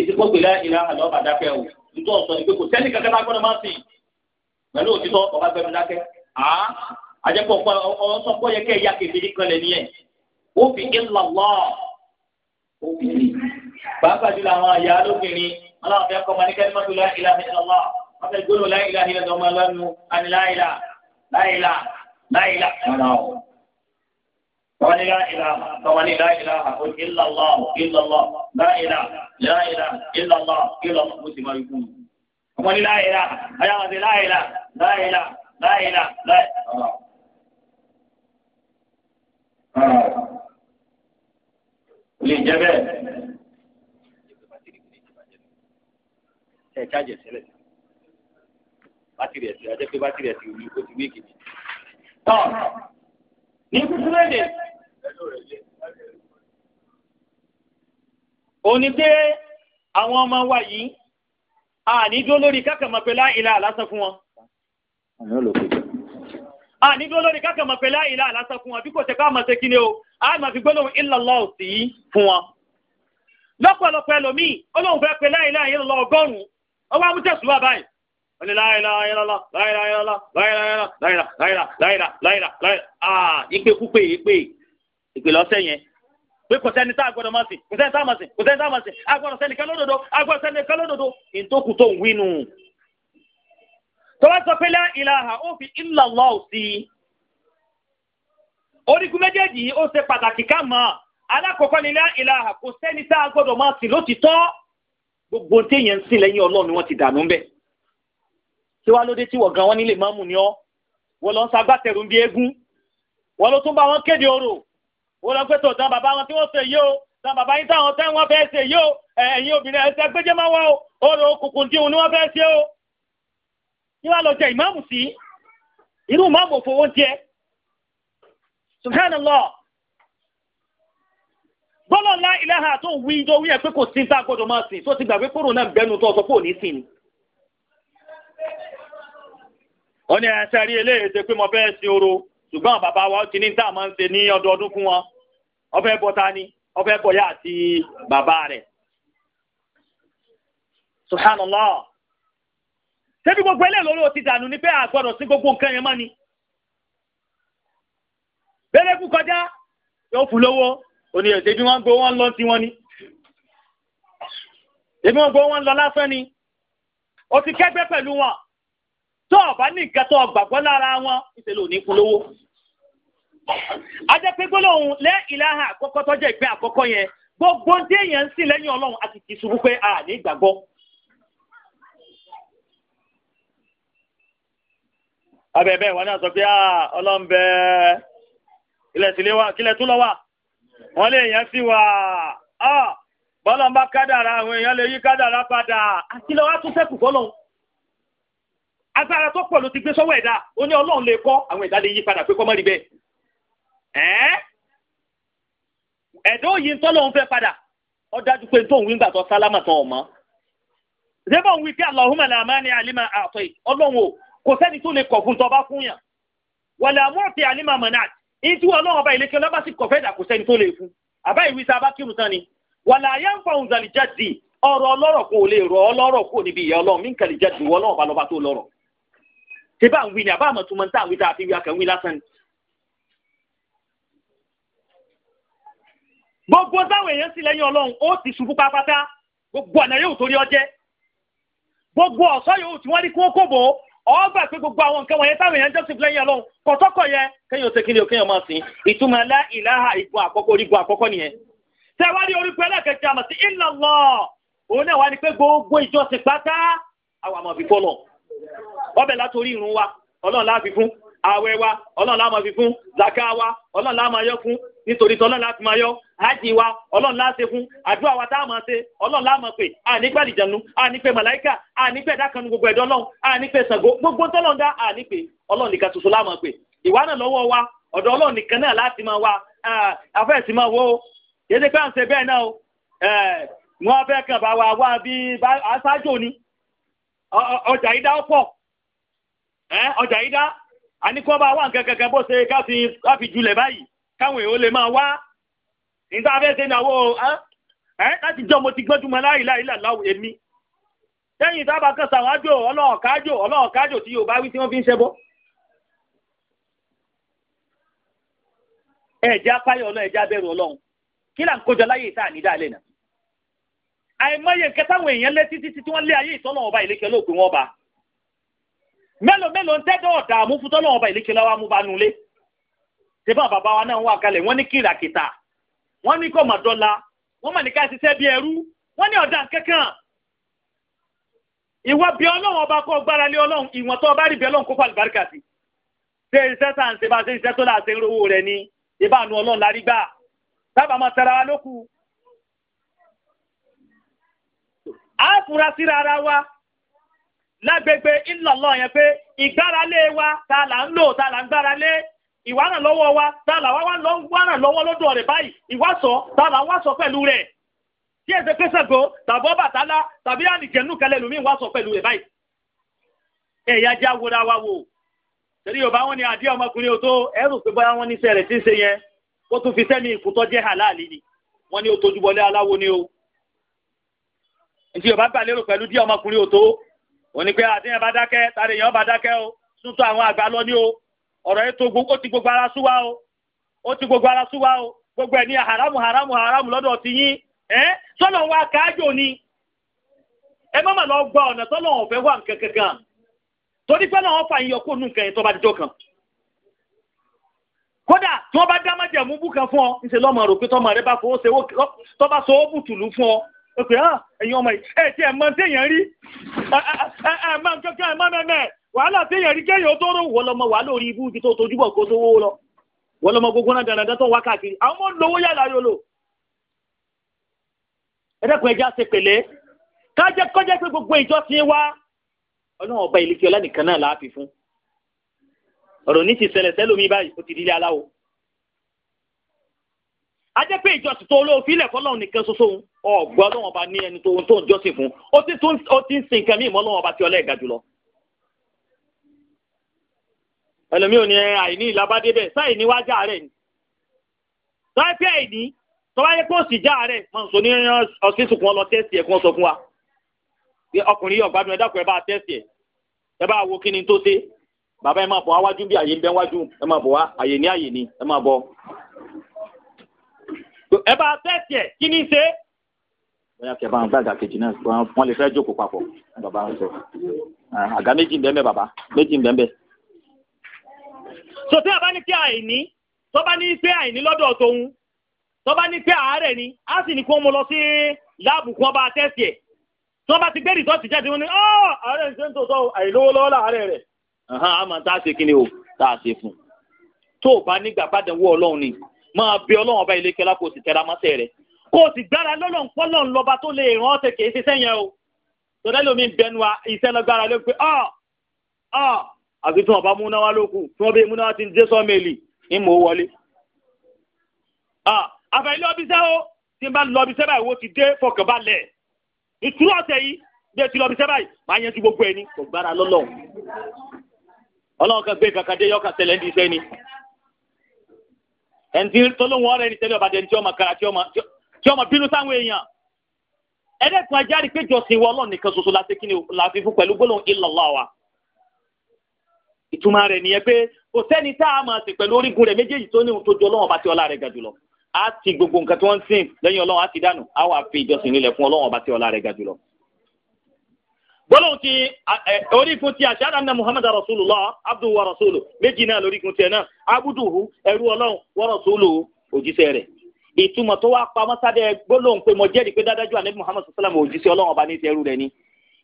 ìdìbò pèlè ìlà àlọ́ba dákẹ́ o nítorí ọ̀sán ni pé kò sẹ́ni kankan lágbọ́dọ̀ máa sìn pẹ̀lú òtítọ́ ọba gbẹnu dákẹ́ à àjẹpọ̀ ọ̀sán pọ̀ yẹ kẹ́ ẹ̀yà kékeré kan lẹ̀ nìyẹn ó fi ìlà wọ́ pàápàá jùlọ àwọn àyà wọ́n fẹ́ gbóló láìlá ilé ọmọ lọ́nu àní láìlá láìlá láìlá rárá o. wọ́n ní láìlá wọ́n ní láìlá àwọn ìlàlọ́ ìlàlọ́ láìlá láìlá ìlàlọ́ ìlàlọ́ mo sì máa yí fún mi. wọ́n ní láìlá ayáwó ti láìlá láìlá láìlá láìlá. lè jẹ bẹ́ẹ̀. ẹ jáde sílẹ̀ bátìrì ẹ̀sìn ajẹ́ pé bátìrì ẹ̀sìn òní ó ti wí kìíní. tọ́ ní kúkú léde òní pé àwọn ọmọ wa yìí àníjó lórí kákàmọ́ pé láìlà lásán fún wọn. àníjó lórí kákàmọ́ pé láìlà lásán fún wọn bí kò ṣe ká máa ṣe kí ni o a máa fi gbólóhùn illallah sí fún wọn. lọ́pọ̀lọpọ̀ ẹlòmíì ó lóun fẹ́ pé láìlà illallah ọgọ́rùn-ún ọwọ́ amútẹ̀sùn wà báyìí. wọ́n ní láyìlá ayélujára láyìlá ayélujára láyìlá ayélujára láyìlá láyìlá láyìlá láyìlá láyìlá ikpe ìpè kúpè ìpè ìpè yẹn pé kò sẹ́ni tá máa sìn kò sẹ́ni tá sìn kò sẹ́ni tá a sìn a sẹ́ni kan lódodo sẹ́ni kan lódodo tó ń wínú. sọ pé ti dànù kí wàá lóde tí wọ̀gán wọn nílé mọ́mù ni ọ́ wọ́n lọ ń sagbátẹ̀rù ń bí eégún wọ́n ló tún bá wọn kéde orò wọ́n lọ pé tó dán bàbá wọn tí wọ́n ṣe yìí o dán bàbá yín táwọn tẹ́ wọn fẹ́ ṣe yìí o ẹ̀yin obìnrin ẹ̀ṣẹ́ gbẹ́jẹ́ máa wá o orò òkùnkùn díhun ni wọ́n fẹ́ ṣe o kí wàá lọ jẹ ìmáàmù sí irú ìmáàmù òfowó jẹ subhanallah gbọ́dọ̀ lá ìlàhà tó ń wí tó wí ẹ̀ pé kò sí ní tá a gbọ́dọ̀ máa sìn tó ti gbàgbé kúrò náà bẹ́nu tó sọ pé ò ní sìn ni. wọ́n ní ẹsẹ̀ rí eléyìí ṣe pé mo fẹ́ sin oro ṣùgbọ́n bàbá wa ó ti ní tá a máa ń ṣe ní ọdọọdún fún wọn ọfẹ́ bọ́ ta ni ọfẹ́ bọ́ yá àti bàbá rẹ̀ subhanallah ṣebí gbogbo eléyìí lórí o ti dànù ní pé a gbọ́dọ̀ sí gbogbo nǹkan yẹn mọ́ ni bẹ́lẹ̀ kú kọjá yóò fún lówó òní ẹ̀ṣẹ̀ bí wọ́n gbowó wọn lọ sí ni ẹbí wọ́n gbowó wọn lọ lásán ni o ti kẹ́gbẹ́ pẹ̀lú wọn. tó ọba ní nǹkan tó gbàgbọ́ lára wọn níṣẹ́ ló ní kún lówó. ajẹ́ pé gbólóhùn lẹ́ àkọ́kọ́ tọ́jú àkọ́kọ́ yẹn gbogbo tí èèyàn ń lẹ́yìn ọlọ́run àti ti ṣubú pé a ní ìgbàgbọ́. náà sọ pé ah, wa tún lọ wa ah, kádàrà àwọn èèyàn lè yí kádàrà padà àti agbára tó pọ̀ ló ti gbé sọ́wọ́ ẹ̀dá ó ní ọlọ́run lè kọ́ àwọn ẹ̀dá lè yí padà pé kọ́ mọ́ rí bẹ́ẹ̀ ẹ́ ẹ̀dá òyì ń tọ́lọ́run fẹ́ padà ó dájú pé tóun wíńgbà tó sálámà tán ọ̀mọ́ zébà ń wí pé Allahumma la mani alima àtọ̀ yìí ọlọ́run o kò sẹ́ni tó lè kọ̀ fún tọ́ bá fún yàn wala mu'ti alima ṣé bá ń wí ni àbá àmọ̀ tó mọ̀ a fi wí gbogbo táwọn èèyàn sì lẹ́yìn ọlọ́run ó ti ṣubú gbogbo ọ̀nà yóò torí ọjẹ́ gbogbo ọ̀ṣọ́ yòówù tí wọ́n rí kó kóbò ọgbà pé gbogbo àwọn nǹkan wọ̀nyẹn táwọn èèyàn jọ́sìn lẹ́yìn ọlọ́run kọ̀tọ́kọ̀ yẹ kéèyàn ṣe o kéèyàn máa sìn ìtumọ̀ lá ìlàhà gbogbo ọbẹ̀ látòrí ìrun wa ọlọ́run láàfi fún ààwẹ̀ wa ọlọ́run láàmọ̀ fi fún zaka wa ọlọ́run láàmọ̀ yọ fún nítorí tọ́lọ́ láti máa yọ hajj wa ọlọ́run láà ṣe fún àdúrà wa tá a máa ṣe ọlọ́run láà máa pè ànípẹ́ àlìjẹ̀nu ànípẹ́ màláìkà ànípẹ́ dákanu gbogbo ẹ̀dọ́ ọlọ́run ànípẹ́ Ṣàngó gbogbo tọ́lọ́run dá ànípẹ́ ọlọ́run nìkan ṣoṣo láà máa pè ìwà náà lọ́wọ́ wa ọ̀dọ̀ ọlọ́run nìkan náà láti o wọ́n fẹ́ kàn ọjà yìí dá àníkọ́ba wà nǹkan kankan bó ṣe káfi julẹ̀ báyìí káwọn èèyàn lè máa wá níta fẹ́ ṣe láti jọ mo ti gbọ́jú mọ láyìí láyìí làláwò èmi sẹ́yìn tábà kan ṣàwájò ọlọ́ọ̀kájò ọlọ́ọ̀kájò tí Yorùbá wí tí wọ́n fi ń ṣẹbọ. ẹ̀jẹ̀ apáyọ̀ ọlọ́ọ̀ ẹ̀jẹ̀ abẹ́rù ọlọ́run kí là ń kójọ láyé ìta ànídá alẹ́ náà. àìmọye kẹtàwọn èèyàn lé títí tí wọ́n lé ayé ìtọ́nà ọba ìlékẹ́ olóògbé wọn ọba mélòó mélòó ń tẹ́jọ́ ọ̀dààmú ọba ìlékè lọ́wọ́ bàbá wa náà wà kalẹ̀ wọ́n ní kìràkìtà wọ́n ní kọ̀mọ̀dọ́la wọ́n mọ̀ ní ká ṣiṣẹ́ bí ẹrú wọ́n ní ọ̀dà kankan ìwọ bí ọlọ́run ọba rẹ ni ìbánu ọlọ́run la rí gbà sábà máa tara wa wa lágbègbè ìlọ̀lọ́ yẹn pé ìgbáralé wa ta là ń lò ta là ń gbáralé ìwà ràn lọ́wọ́ wa ta là wá wá ràn lọ́wọ́ lọ́dọ̀ rẹ̀ báyìí ìwà sọ ta là wá sọ pẹ̀lú rẹ̀ tí ẹ̀sẹ̀ pé Ṣàngó tàbí Ọbàtálá tàbí àlìjẹ̀nù kẹlẹ̀ lómi wá sọ pẹ̀lú rẹ̀ báyìí. ẹ̀yà jẹ́ awòrán wa wò torí yorùbá wọn ni àdí ọmọkùnrin o tó ẹrù pé báyà wọn ní sẹ̀rẹ̀ tí ń ṣe yẹn ó tún fi sẹ́mi ìkútọ́ jẹ́ hàlálì ni wọ́n ní ó tójú bọlé aláwo ni o. ntí yorùbá gbà lérò pẹ̀lú dí ọmọkùnrin o tó òní pé àdéhùn bá dákẹ́ tàdé yẹn bá dákẹ́ o súntọ́ àwọn àgbà lọ ní o ọ̀rọ̀ yẹn tó ó ti gbogbo ara o ó ti gbogbo ara o gbogbo ẹ̀ ní haramu haramu haramu lọ́dọ̀ ti yín ẹ́ sọ́nà wa káájò ni ẹ má mà lọ gba ọ̀nà sọ́nà ọ̀fẹ́ wà kankan torí pé náà wọ́n fà yín nù tó bá kan kódà tí wọ́n bá dá májẹ̀mú pé ah ẹ̀yin ọmọ yìí ẹ̀ tí ẹ̀ mọ téèyàn rí ẹ̀ ẹ̀ mọ kankan ẹ̀ mọ mẹ́mẹ́ wàhálà téèyàn rí kéèyàn ó tóró wọ́n lọ́mọ wàhálà orí ibú ti tó tojú bọ̀ kó tó wó lọ wọ́n lọ́mọ gbogbo náà dandan tó wá káàkiri àwọn ọmọ lówó yàrá yòlò ẹ̀dẹ́kun ẹja ṣe pẹ̀lẹ́ kájẹ́ kọ́jẹ́ pé gbogbo ìjọsìn wa ọlọ́run ọba ìlẹ́kẹ́ ọlá nìkan náà láàfin fún ọ̀rọ̀ ní ti ṣẹlẹ̀ sẹ́lómi báyìí ó ti di ilé aláwo ajẹ́ pé ìjọsìn tó olóòfin ilẹ̀ fọlọ́run nìkan ṣoṣo òun ọ̀gbọ́ lọ́wọ́n ọba ní ẹni tó ń tó ń jọ́sìn fún ó ti tún ó ti ń sin nǹkan míì mọ́ lọ́wọ́n ọba tí ọlá ẹ̀ga jùlọ. ẹlòmíì ò ní eh, àìní ìlàbádé bẹ́ẹ̀ sáì ní wá já rẹ̀ ni sáì pé àìní tọ́wáyé pé òsì já rẹ̀ máa ń sọ ní ọ̀sísùn kan tẹ́sì ẹ̀ kí sọ fún wa ọkùnrin ọ̀gbádùn ẹ̀ dákun ẹ̀ bá tẹ́sì ẹ̀ ẹ bá wo kí ni tó ṣe bàbá ẹ máa bọ̀ wájú bí àyè ń bẹ wájú ẹ máa bọ̀ wá àyè ní àyè ní ẹ máa bọ̀ ẹ bá tẹ́sì ẹ̀ kí ṣe bóyá kí ẹ bá wọn gbá àga kejì náà wọn lè fẹ́ jókòó papọ̀ bàbá wọn sọ àga méjì bẹ́ẹ̀ bẹ́ẹ̀ bàbá méjì bẹ́ẹ̀ bẹ́ẹ̀. sọtẹ́ àbá ní pé àìní tó bá ní pé àìní lọ́dọ̀ tòun tó bá ní pé àárẹ̀ ni á sì ní kó mo lọ sí láàbù kí wọ́n bá tẹ́sì ẹ̀ tí wọ́n bá ti gbé rìsọ́ọ̀tì jáde wọn ni ọ́ àárẹ̀ ṣe ń tòótọ́ àìlówó lọ́wọ́ láàárẹ̀ rẹ̀ àmọ́ tá a ṣe kí ni o tá a ṣe fún un tó o bá nígbà bá dánwó ọlọ́run ni máa bẹ ọlọ́run ọba ilé kẹlá kó o sì tẹra mọ́sẹ̀ rẹ̀ kó o sì gbára lọ́lọ́n pọ́lọ́n lọ́ba tó lè ràn ọ́ tẹ̀ kìí ṣiṣẹ́ yẹn o tọ́lá lómi bẹnu wa iṣẹ́ lọ́gbára ló pé ọ́ ọ́ àfi tí wọ́n bá múná wá lókù tí wọ́n bí múná wá ti ń dé sọ́mẹ́lì ní mò ń wọlé. àfẹ́ ilé ọbíṣẹ́ o tí n bá lọ ọbíṣẹ́ báyìí wo ti dé fọkànbalẹ̀ ìtúrú ọ̀sẹ̀ yìí bí o ti lọ ọbíṣẹ́ báyìí máa yẹn ju gbogbo ẹni kò gbára lọ́lọ́run ẹni tí tọ́lọ́wọ́n rẹ̀ ní tẹ́lẹ̀ ọ̀bàdàn tí ọmọ kàrà tí ọmọ tí ọmọ bínú sáwọn èèyàn ẹlẹ́kùn ajáde péjọsìn wọ ọlọ́run nìkan ṣoṣo láti kí ni láti fún pẹ̀lú gbólóhùn illallah wa ìtumọ̀ rẹ̀ nìyẹn pé kò sẹ́ni tá a máa sìn pẹ̀lú orígun rẹ̀ méjèèjì tó ní ohun tó ju ọlọ́run ọba tí ọlá rẹ̀ ga jùlọ á ti gbogbo nǹkan tí wọ́n ń sìn lẹ́yìn ọlọ́run á ti dànù á wà fi ìjọsìn nílẹ̀ fún ọlọ́run ọba tí ọlá rẹ̀ ga jùlọ. gbólóhùn ti orígun ti àṣàrà nà muhammadu rasulullah abdu wa rasulu méjì náà lórígun tiẹ̀ náà abuduhu ẹrú ọlọ́run wa rasulu òjíṣẹ́ rẹ̀ ìtumọ̀ tó wá pamọ́ sábẹ́ gbólóhùn pé mo jẹ́rìí pé dádájú ànábì muhammad sallam òjíṣẹ́ ọlọ́run ọba ní ti ẹrú rẹ̀ ni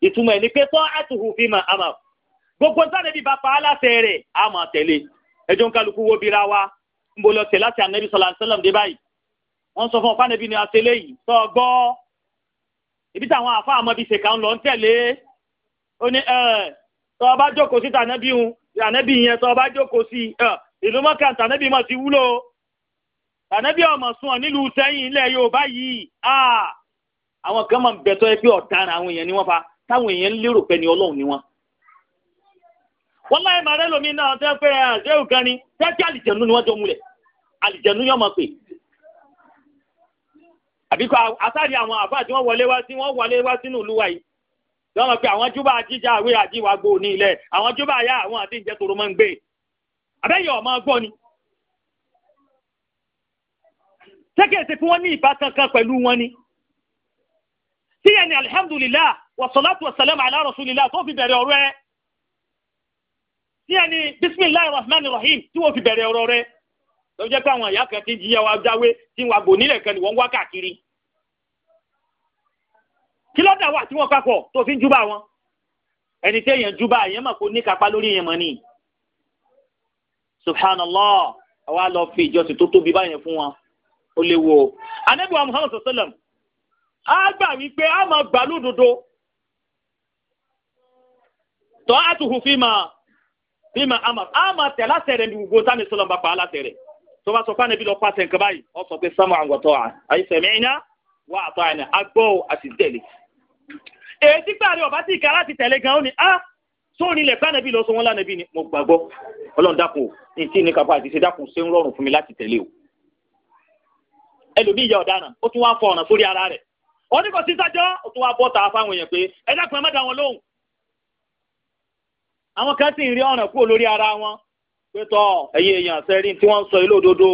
ìtumọ̀ ẹ̀ ni pé tọ́ àtùhù fi mà àmà gbogbo sànẹ́bí bá pa á láṣẹ rẹ̀ á máa tẹ̀lé ẹjọ́ ń kálukú wo bira wa ń bo lọ tẹ̀ láti ànábì sallam sallam dé báyìí wọ́n sọ fún ọ̀pánẹ́bí ni àtẹlẹ́ yìí tọ́ gbọ́ ibi táwọn àfa àmọ́bí ṣèkà ń lọ ń tẹ̀lé ó ní tọ́ tọ́ ọ tànẹ́bí ọmọ sùn ọ nílùú sẹ́yìn ilẹ̀ yorùbá yìí àwọn kan máa ń bẹ̀tọ́ ẹ pé ọ̀daràn àwọn èèyàn ni wọ́n fa táwọn èèyàn lérò pé ni ọlọ́run ni wọ́n. wọ́n láyé màá rẹ́lòmí náà tẹ́ pé àṣẹ́wò kan ni tẹ́tí àlìjẹ̀nu ni wọ́n jọ múlẹ̀ àlìjẹ̀nu yọ̀ máa pè. àbíkọ àsáàdì àwọn àfáà tí wọ́n wọlé wá sí wọ́n wọlé wá sínú ìlú wa yìí wọ́n mọ̀ pé àwọn júbà jíjà àwé àjíwàgbò ní ilẹ̀ àwọn júbà yá àwọn àti ìjẹ́ máa ń gbé ṣé kìí ṣe pé wọ́n ní ìbátan kan pẹ̀lú wọn ni. tí yẹn ni alihamudulilá wasalaatu wasalaamu ala rasulillah tó fi bẹ̀rẹ̀ ọ̀rọ̀ ẹ. tí yẹn ni bisimilahi rahman rahim tí wọ́n fi bẹ̀rẹ̀ ọ̀rọ̀ rẹ. ló pé àwọn ìyá kan ti jíyà wa jáwé tí wọ́n àgbò nílẹ̀ kan ni wọ́n wá káàkiri. kí ló wà tí wọ́n papọ̀ tó fi ń júbà wọn. ẹni tí èèyàn júbà èèyàn mọ̀ kó ní kápá lórí èèyàn mọ̀ ni. subhanallah àwa lọ fi ìjọsìn tó tóbi báyẹn fún wọn ó léwu o anabi wa muhammad sallam á gbà wípé á máa gbà lódodo tọ́ àtúhù fíìmà fíìmà àmà á máa tẹ̀ láṣẹ rẹ̀ ní gbogbo tani sọlọ́n bá pa á láṣẹ rẹ̀ tó bá sọ fún anabi lọ pàṣẹ nǹkan báyìí ó sọ pé sámú àwọn ọ̀tọ̀ àyè sami'na wa ata'na a àti tẹ̀lé èyí gbàrí ọba tí ìkà láti tẹ̀lé gan-an ni ah sóòrì ilẹ̀ fánàbí lọ sọ wọn lánàbí ni mo gbàgbọ́ ọlọ́run dákun ní tí ní kápá àti ṣe dákun ṣe ń rọrùn fún mi láti tẹ̀lé o. ẹlòmíì yẹ ọ̀daràn ó tún wá fọ ọ̀ràn sórí ara rẹ̀ wọ́n ní ó tún wá bọ́ ta fáwọn èèyàn pé ẹ dákun ẹ má dá wọn lóhùn. àwọn kan sì ń rí ara wọn pé tọ́ ẹ̀yin èèyàn sẹ́rí tí wọ́n ń sọ ilé òdodo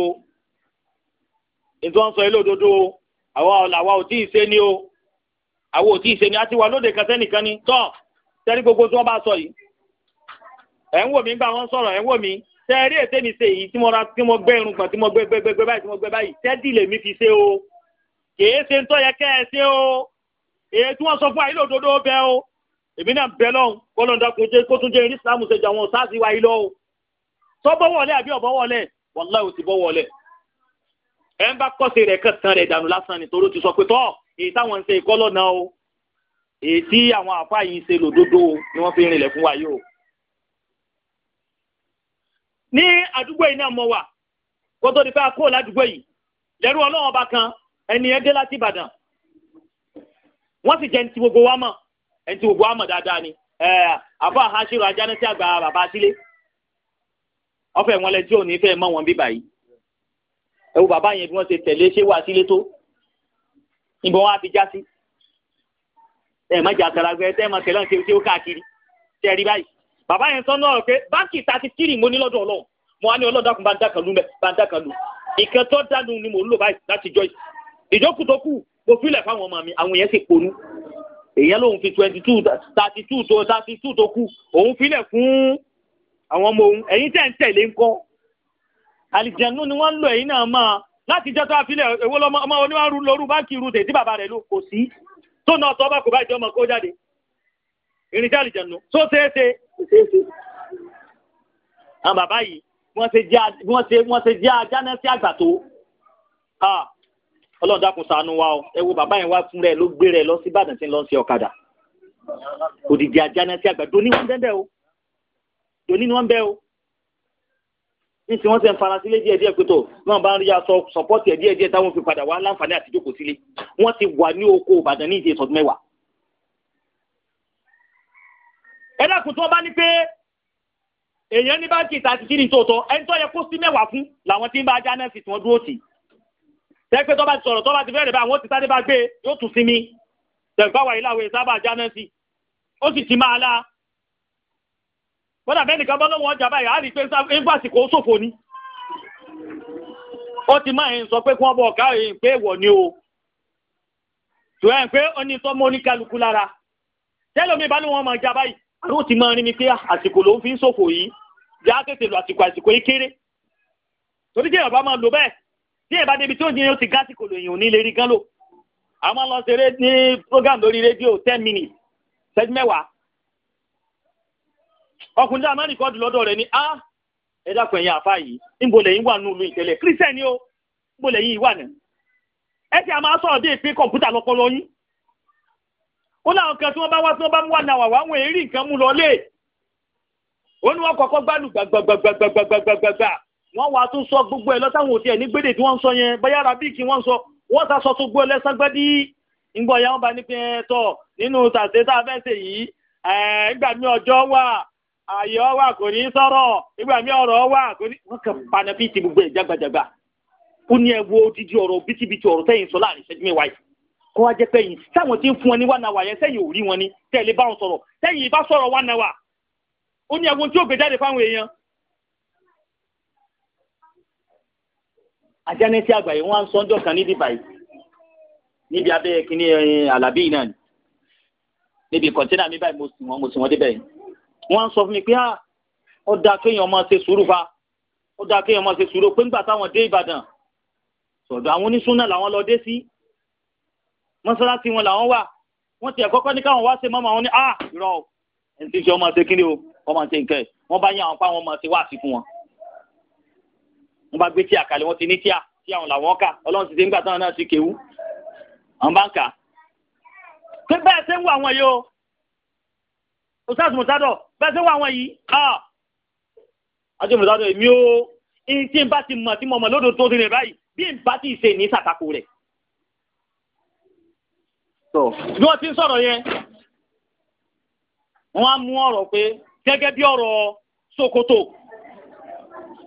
tí wọ́n ń sọ ilé òdodo o àwa ò tí ì ṣe ni a ti wà lóde kan sẹ́nìkan ni tọ́ sẹ́rí gbogbo tí wọ́n bá sọ yìí ẹ̀ ń wò mí gbà wọ́n sọ̀rọ̀ tẹ́ẹ̀rí ètè mi ṣe èyí tí mo ra tí mo gbẹ́ irun gbọ̀n tí mo gbẹ́ gbẹ́ gbẹ́ báyìí tí mo gbẹ́ báyìí tẹ́ẹ̀dì lèmi fi ṣe o kèé ṣe ń tọ́ yẹ kẹ́ ẹ ṣe o èyí tí wọ́n sọ fún àyílò òdodo bẹ o èmi náà bẹ lọ́hùn kọ́lọ́dà kò jẹ́ kó tún jẹ́ irin islam ṣe jà wọn sáàsì wa ilọ́ o sọ bọ́ wọlé àbí ọ̀bọ wọlé wàlá ò ti bọ́ wọlé ẹ̀ ń bá kọ́sẹ̀ rẹ̀ kẹsàn rẹ̀ dànù lásán ni torí ti sọ pé tọ́ èyí táwọn ń ṣe ìkọ́lọ́ náà o èyí tí àwọn àfáà yìí ń ṣe lòdodo ni wọ́n fi rinlẹ̀ fún wa yìí o ní àdúgbò yìí náà mọ̀ wà kó tó di pé a kó ládùúgbò yìí lẹ́rú ọlọ́wọ́n ọba kan ẹni ẹ dé láti Ìbàdàn wọ́n sì jẹ́ ẹni tí gbogbo wa mọ̀ ẹni tí gbogbo wa mọ̀ dáadáa ni àbọ̀ àhásírò ajánẹ́sí àgbà bàbá sílé ọ̀fẹ́ wọn lẹ tí ò ní fẹ́ mọ́ wọn bí báyìí ẹ wo bàbá yẹn bí wọ́n ṣe tẹ̀lé ṣé wà sílé tó ìbọn wa ti já sí ẹ má jà àtàlágbẹ tẹ́ ẹ má tẹ̀lé ọ̀hún ṣe ó káàkiri tẹ́ báyìí bàbá yẹn sọ́nà ọ̀rọ̀ pé báńkì thirty three mo ní lọ́dọ̀ ọlọ́run mo wá ní ọlọ́dọ̀ kan bá ń dákan lu mẹ́ bá ń dákan lu ìkan tó dánu ni mò ń lò báyìí láti jọ yìí ìjókòó tó kù mo filẹ̀ fáwọn ọmọ mi àwọn yẹn sì ponú èèyàn lòun fi twenty two thirty two tó thirty two tó kù òun filẹ̀ fún àwọn ọmọ òun ẹ̀yin tẹ̀ ń tẹ̀lé ńkọ́ àlìjẹ̀nu ni wọ́n ń lò ẹ̀yin náà máa láti jẹ́ tó àfilẹ̀ èwo lọ́mọ ọmọ oníwàrú lóru báńkì irú tètè bàbá rẹ̀ ló kò sí tó náà tọ́ bá kò bá ìjọ ọmọ kó jáde irinṣẹ́ àlìjẹ̀nu tó ṣeéṣe àwọn bàbá yìí wọ́n ṣe jẹ́ ajánẹ́ sí àgbà tó ọlọ́run dákun ṣàánú wa o ẹ wo bàbá yẹn wá fún rẹ ló gbé rẹ lọ sí ìbàdàn tí ń lọ sí ọ̀kadà òdìdí ajánẹ́ sí àgbà doni wọn bẹ́ẹ̀ o doni wọn bẹ́ẹ̀ o ní tí wọ́n ṣe ń fara sílé díẹ̀ díẹ̀ pé tó náà bá ń rí aṣọ sọpọ́tì ẹ̀ díẹ̀ díẹ̀ táwọn fi padà wá láǹfààní àtijọ́ kò sílé wọ́n ti wà ní oko ìbàdàn ní ìdí ìsọdún mẹ́wàá ẹlẹ́kùn tí bá ní pé èèyàn ní báńkì ìta àti kíni tó tọ ẹni tó yẹ kó sí mẹ́wàá fún làwọn tí ń bá ajá náà sì tí dúró tì tẹ́pẹ́ tó bá ti sọ̀rọ̀ tó bá ti fẹ́rẹ̀ bá àwọn ti sáré bá gbé yóò tún sinmi tẹ̀gbáwá yìí láwọn ìsábà ajá náà sì ó sì ti máa la wọ́n dàbẹ́ nìkan bọ́ lọ́wọ́ ọjà báyìí á rí i pé ń gbà àsìkò ṣòfò ni ó ti máa ń sọ pé kí wọ́n bọ̀ ọ̀gá èyí pé wọ̀ ni o tùwẹ́ pé ó ní tọ́mọ́ oníkálukú lára tẹ́lómi bá ní wọ́n mọ̀ ọjà báyìí àwọn ti máa rí mi pé àsìkò ló ń fi ń ṣòfò yìí bí a tètè lo àsìkò àsìkò yìí kéré torí tí ìyàbá máa lò bẹ́ẹ̀ tí ìyàbá débi tí ó ti gásìkò lòyìn ò ní lè rí lò máa lọ ní program lórí rédíò ten minutes ṣẹ́jú mẹ́wàá ọkùnrin tí a máa rẹ̀ ni a ẹ dákun ẹ̀yìn àfa yìí níbo lẹ́yìn wà ìlú ìtẹ́lẹ̀ o níbo lẹ́yìn ẹ ti a máa ó láwọn kan tí wọn bá wá tí wọn bá ń wà náà wà wọ́n èrí nǹkan mú lọ lé ó ní wọ́n kọ́kọ́ gbádùn gbàgbàgbàgbàgbàgbàgbà wọ́n wà tún sọ gbogbo òtí ní gbèdè tí sọ kó wá jẹ́ pé yìí táwọn ti ń fún ẹ ní one hour yẹn sẹ́yìn ò rí wọn ni tẹ̀lé bá wọn sọ̀rọ̀ sẹ́yìn bá sọ̀rọ̀ one hour ó ní ẹ̀wọ̀n tí ó gbé jáde fáwọn èèyàn. ajánẹ́ tí àgbà yìí wọ́n á ń sọ́njọ́ kan níbi báyìí níbi abẹ́ kínní alábí yìí náà ni níbi kọ̀ńténà mi báyìí mo sì wọ́n mo sì wọ́n débẹ̀ yìí wọ́n sọ fún mi pé ó dáa kéèyàn máa ṣe sùúrù fa ó dáa kéèyàn máa ṣe sùúrù pé ńgbà táwọn dé Ìbàdàn sọ̀dọ̀ àwọn oníṣúná làwọn lọ dé sí mọ́sálásí wọn làwọn wà wọ́n ti ẹ̀kọ́kọ́ ní káwọn wá ṣe mọ́mọ́ àwọn ní ah irọ́ o ẹni tí ń ṣe ọmọ ṣe kíni o ọmọ ṣe nǹkan ẹ̀ wọ́n bá yẹ àwọn pa àwọn ọmọ ṣe wá sí fún wọn. wọ́n bá gbé tíà kalẹ̀ wọ́n ti ní tíà tí àwọn làwọn kà ọlọ́run ti ṣe ń gbà táwọn náà ti kéwú àwọn bá ń kà. pé bẹ́ẹ̀ ṣe ń wọ àwọn yìí o ustaz musadọ bẹ́ẹ̀ ṣe ń wọ àwọn yìí ah ajé musadọ èmi o ní tí n bá ti mọ̀ tí mo mọ̀ lódò tó ti rẹ̀ báyìí bí n bá ti ṣe ní sàtàkù rẹ̀ bí wọ́n ti ń sọ̀rọ̀ yẹn wọ́n á mú ọ̀rọ̀ pé gẹ́gẹ́ bí ọ̀rọ̀ Sokoto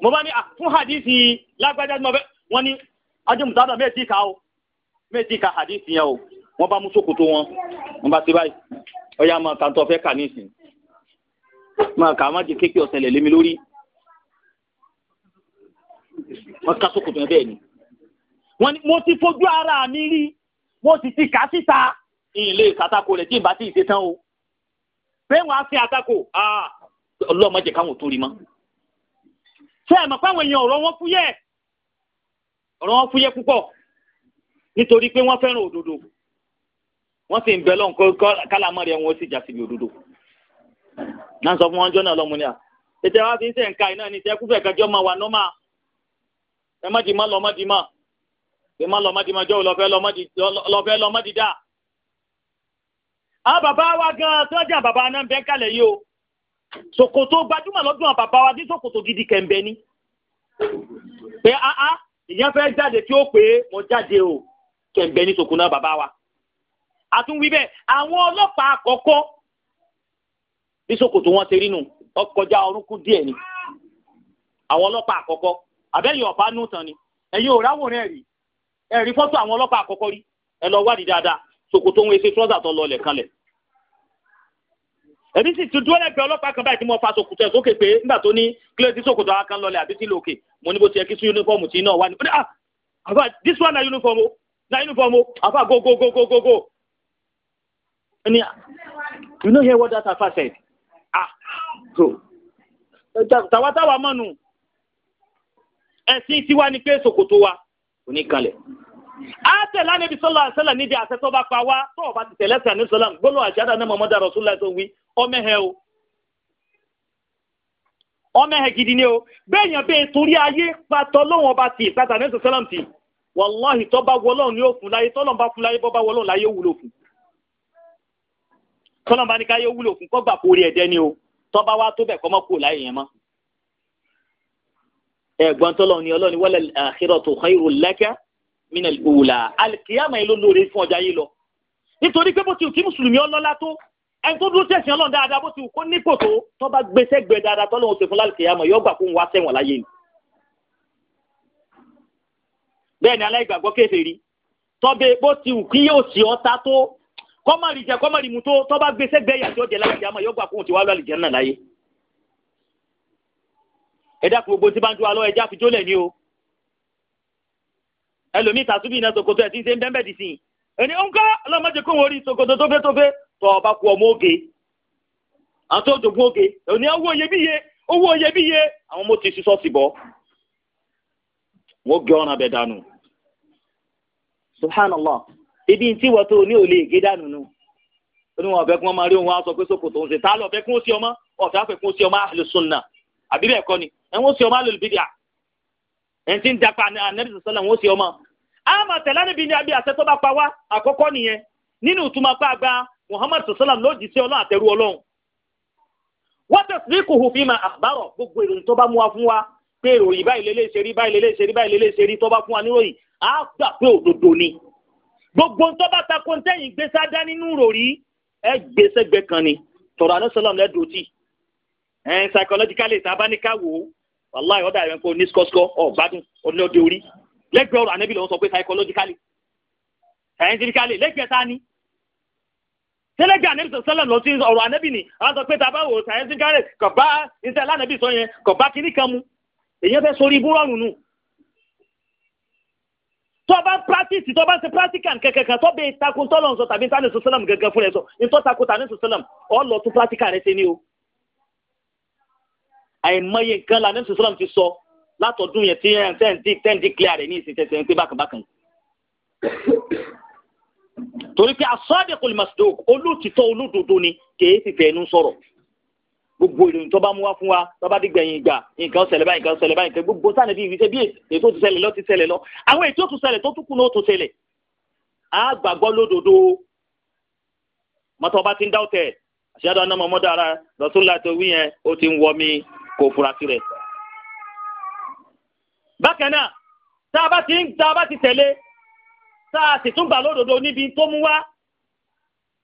mo bá ní ah, fún hadithi lágbájá tí mo fẹ́ wọ́n ní ajémùtádà méjì ká o méjì ká hadithi yẹn o wọ́n bá mú Sokoto wọn wọ́n bá ti báyìí ọ̀yà máa kà ń tọ́ fẹ́ kà nísìn máa kà á má jẹ kéèké ọ̀sẹ̀ lẹ̀ lémi lórí wọ́n ká Sokoto yẹn bẹ́ẹ̀ ni wọ́n ní mo ti fojú ara mi rí mo sì ti kà síta ilé ìkàtàkò rẹ̀ tí ìbá tí ì ṣe tán o bẹ́ẹ̀ wọ́n á fi àtakò ọlọ́mọdé káwọn ò tó rí mọ́. ṣé ẹ̀ mọ̀ páwọn èèyàn ọ̀rọ̀ wọn fúyẹ́ ọ̀rọ̀ wọn fúyẹ́ púpọ̀ nítorí pé wọ́n fẹ́ràn òdodo wọ́n sì ń bẹ lọ́nkọ́ kálámọ́ rẹ̀ wọ́n sì já síbi òdodo. náà sọ fún wọn jọ́nà ọlọ́mọdé à ètò wa fi ń sẹ̀ǹka iná ni sẹ́kúfẹ̀ kájọ́ máa wà nọ́mà ẹ má di má lọ má di má ẹ má lọ má di má jọ́ lọ́fẹ́ lọ́mọ́dì dá àwọn bàbá wa gan sọ́jà bàbá náà bẹ́ẹ̀ kalẹ̀ yìí o ṣòkòtò gbajúmọ̀ lọ́dún àwọn bàbá wa ní ṣòkòtò gidi kẹ̀ǹbẹ̀ ni pé áá ah, ah, ìyẹn fẹ́ jáde tí ó pé mo jáde o kẹ̀ǹbẹ̀ ni ṣòkòtò náà bàbá wa àtúnwí bẹ́ẹ̀ àwọn ọlọ́pàá àkọ́kọ́ ní ṣòkòtò wọn ti rí nu ọkọjá orúnkún díẹ̀ ni àwọn ọlọ́pàá àkọ́kọ́ àbẹ́yìn ọ̀pá nù tán ni ẹ̀yin ò ráwòrán ẹ̀rí ẹ̀rí fọ́tò àwọn ọlọ́pàá àkọ́kọ́ rí ẹ lọ wádìí dáadáa ṣòkòtò òun èsì trọ́sà tó lọlẹ̀ kalẹ̀ ẹbí sì ti dúró lẹ́gbẹ̀ẹ́ ọlọ́pàá kan báyìí tí mo fa ṣòkòtò ẹ̀ sókè pé nígbà tó ní kílẹ̀ tí ṣòkòtò ara kan lọlẹ̀ àbí sí lòkè mo ní bó ti yẹ kí sí yunifọ́ọ̀mù tí náà wà ní. ah àfa this one na uniform o na uniform o àfa go go go go go go. ẹni you no hear what that afa said ah so tàwátàwá mọ́nu ẹ̀sìn tiwa ni pé ṣòkòtò wa oníkalẹ̀ a tẹ̀lé anabi sọlá àṣẹlẹ̀ níbi àṣẹ tó bá pa wá tó o bá ti tẹ̀lé sàn ní sọlá gbólóhùn àṣàdá náà mọ̀mọ́dá rọ̀ṣúlá tó wí ọmẹ́hẹ́ o ọmẹ́hẹ́ gidi ni o bẹ́ẹ̀ yẹn bẹ́ẹ̀ torí ayé pàtó lóhùn ọba tì sàtà ní sọlá tì wàláhì tó bá wọlọ́hùn ni ó fún láyé tọ́lọ́n bá fún láyé bọ́ bá wọlọ́hùn láyé wúlò fún tọ́lọ́n bá ní káyé wúlò fún kọ́ gbà kórè ẹ̀dẹ́ ni o tọ́ bá wá tó bẹ̀ kọ́ mọ́ kó láyé yẹn mọ́ ẹ̀gbọ́n tọ́lọ́hùn ni ọlọ́ni wal akhiratu khairul laka minal ula alikiyama yìí ló lóore fún ọjà yìí lọ nítorí pé bó ti wù kí mùsùlùmí ọlọ́lá tó ẹni tó dúró tẹ̀sán ọlọ́run dáadáa bó ti wù kó nípò tó tó bá gbèsè gbẹ dáadáa tọ́lọ́run ṣe fún lálùkìyàmọ̀ yóò gbà fún wa sẹ́wọ̀n láyé ni. bẹ́ẹ̀ ni aláìgbàgbọ́ kèfèrí tọ́bẹ̀ bó ti wù kí yóò sí ọta tó kọ́mọ̀rì jẹ kọ́mọ̀rì mu tó tó bá gbèsè gbẹ yàtọ̀ jẹ ẹlòmíì tàtúbì iná ṣòkòtò ẹ̀ tí ń ṣe ń bẹ́ẹ̀ bẹ́ẹ̀ dì sí i ẹni ńkọ́ ọlọ́mọdé kó wọn rí ṣòkòtò tófé tófé tó ọba kú ọmọ oge àwọn tó jogún oge òní owó iyebíye owó iyebíye àwọn ọmọ ti ṣiṣọ́ sí bọ́ wọ́n gé ọ̀ràn bẹ̀ dànù subhanallah ibi tí wọ́n tó ní òòlì ègé dànù nù oníwọ̀n ọ̀bẹ kí wọ́n máa rí òun á sọ pé ṣòkòtò ń ṣe tá lọ́ọ̀bẹ kí wọ́n sí ọmọ ọ̀fẹ́ àfẹ́ kí wọ́n sí ọmọ àlùsùn náà àbí bẹ́ẹ̀ kọ́ ni ẹ̀wọ̀n ẹni tí ń dapa anabi sọsọlá wọn ó sì ọmọ a máa tẹ̀lé níbi ní abí àṣẹ tó bá pa wá àkọ́kọ́ nìyẹn nínú ìtumọ̀ pé àgbà muhammad sọsọlá ló jì sí ọlọ́run àtẹrú ọlọ́run wọ́n tẹ̀sí kò hù fi máa àbárọ̀ gbogbo ìròyìn tó bá mú wa fún wa pé ìròyìn báyìí lélẹ́ ìṣerí báyìí lélẹ́ ìṣerí báyìí lélẹ́ tó bá fún wa níròyìn á gbà pé òdodo ni gbogbo tó bá ta ko ntẹ́yìn gbé sádá nínú ròrí ẹ gbé sẹ́gbẹ́ kan ni tọ̀rọ̀ àná lẹ́dọ̀ọ́tì ẹ̀ psychologically tá wàláì ọ̀dà rẹ̀ kò ní skọ́skọ́ ọ̀gbádùn ọlọ́dẹ orí lẹ́gbẹ̀ẹ́ ọ̀rọ̀ ànábì lọ́wọ́ sọ pé psychologically scientifically lẹ́gbẹ̀ẹ́ ta ni tẹ́lẹ̀gbẹ̀ ànábì sọ̀sẹ́lẹ̀ lọ sí ọ̀rọ̀ ànábì ni àwọn sọ pé ta bá wò scientifically kò bá iṣẹ́ alánàbì sọ yẹn kò bá kíní kan mu èyàn fẹ́ sori ibú rọrùn nù tó bá practice tó bá ṣe practical kẹ̀kẹ́ kan tó bẹ takun tọ́lọ̀ sọ tàbí tani sọ̀sẹ́lẹ̀ gẹ́gẹ́ fún ẹ sọ ní tó takun tani sọ̀sẹ́lẹ̀ ọ lọ tún practical rẹ ṣe ni o àìmọye nǹkan la nẹ́bí sọ́lá ti sọ látọ̀dún yẹn tí tẹ́ǹtì tẹ́ǹtì clear rẹ̀ ní ìsìn tẹ̀sẹ̀ ń pé bákàbákàn. torí pé as-sadiqul masduq olóòtítọ́ olódodo ni kèé ti fẹ́ ẹnu sọ̀rọ̀ gbogbo ìròyìn tó bá mú wá fún wa tó bá di gbẹ̀yìn ìgbà nǹkan ṣẹlẹ̀ báyìí nǹkan ṣẹlẹ̀ báyìí nǹkan gbogbo sáà níbi ìfisẹ́ bí ètò ti ṣẹlẹ̀ lọ ti ṣẹlẹ̀ lọ àwọn ètò tó ṣẹlẹ̀ tó tún kù náà tó ṣẹlẹ̀ á gbàgbọ́ lódodo mọ́tò ọba ti ń dá ọ̀tẹ̀ àṣeyàdọ̀ anamọ̀ mọ́dára lọ́tún láti wí yẹn ó ti ń wọ mi kò fura sí rẹ̀. bákan náà tá a bá ti tá a bá ti tẹ̀lé tá a sì tún gbà lódodo níbi tó mú wá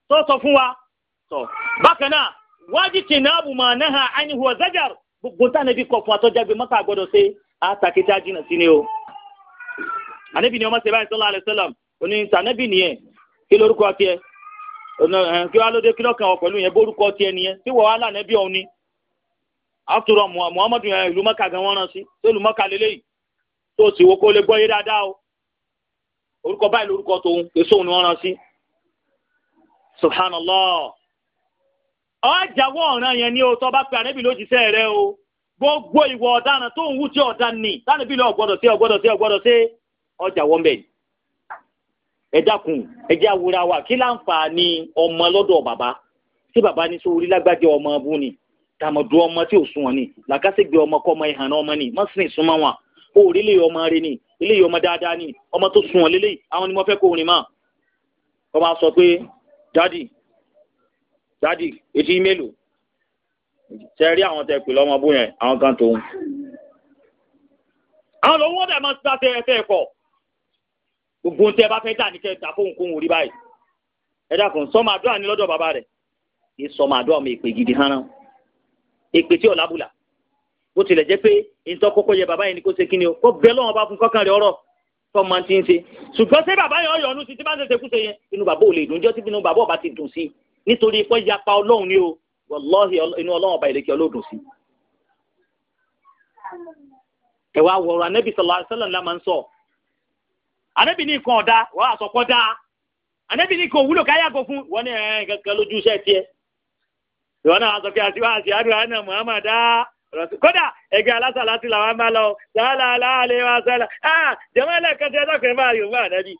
tó sọ fún wa bákan náà wájú náà bù mọ̀ náà àyìnbó ọ̀zájà gbogbo tá a níbi kọ̀ fún atọ́jà gbé mọ́tà gbọ́dọ̀ ṣe sí ni o. ànábì ni ọmọ àtúrọ muhammadu yẹn eh, ìlú mọ́kà gan wọ́n rán sí tó ìlú mọ́kà lélẹ́yìí tó sì wo kó lè gbọ́ yé dáadáa o orúkọ báyìí lórúkọ tòun èso òun ni wọ́n rán sí subhanallah ọjàwọ́ ọ̀ràn yẹn ni o tó bá pe ànábì lójíṣẹ́ rẹ o gbogbo ìwọ ọ̀daràn tó ń wú tí ọ̀dà nì tánàbí lọ ọ̀gbọ́dọ̀ sí ọ̀gbọ́dọ̀ sí ọ̀gbọ́dọ̀ sí ọjàwọ́ mbẹ́ ẹ dákun ẹ jẹ́ àwòrán wa kí láǹfààní ọmọ lọ́dọ̀ bàbá tí bàbá ní sọ orí lágbájá ọmọ abú ni tàmọ̀dù ọmọ tí ò sún wọn ni làkàṣègbè ọmọ kọ́ ọmọ ìhànà ọmọ ni má sìn súnmọ́ wọn ó rí ilé ọmọ rẹ ni ilé ọmọ dáadáa ni ọmọ tó sún wọn lélẹ̀ àwọn ni mo fẹ́ kó orin mọ́ ọ máa sọ pé dádì dádì etí ímeèlì ṣe rí àwọn tẹ pè lọ́mọ bó yẹn àwọn kan tó ń àwọn lòun bẹ̀ máa ń sá tẹ ẹ̀fẹ́ ẹ̀kọ́ gbogbo tẹ bá fẹ́ dà ní kẹ́ dà fóun kóun rí báyìí ẹ dákun sọmọ èpè tí ọ̀la bùlà bó tilẹ̀ jẹ́ pé ìtọ́ kókó yẹ bàbá yẹn ni kó ṣe kí ni o kó bẹ́ẹ̀ lọ́wọ́ bá fún kọ́kàn rẹ̀ ọ̀rọ̀ tó máa ti ń ṣe ṣùgbọ́n ṣé bàbá yẹn ọ̀yọ́ ọ̀nù sí ti máa ń ṣe ṣekúṣe yẹn inú bàbá ò lè dùn jọ́ tí inú bàbá ọba ti dùn sí nítorí pé yapa ọlọ́run ni o wàláhì inú ọlọ́run ọba ìlẹ̀kẹ́ ọlọ́dún sí. ẹ̀wà wọ̀rọ̀ anẹ́bí sọ̀lá la máa ń sọ anẹ́bí ní nǹkan ọ̀dà wọ́n àsọ̀kọ́ dáa anẹ́bí ní nǹkan òwúlò káyàgò fún wọn ní ẹ̀ẹ́n kankan lójú iṣẹ́ tiẹ̀ ìwọ náà wọ́n sọ pé àtiwá àti àdúrà náà Muhammad kódà ẹgbẹ́ alásàlá ti làwọn bá lọ sàálà aláàlẹ wa sàálà ah jẹmọ ẹlẹkan tí ẹ dọkẹ bá yorùbá ànábì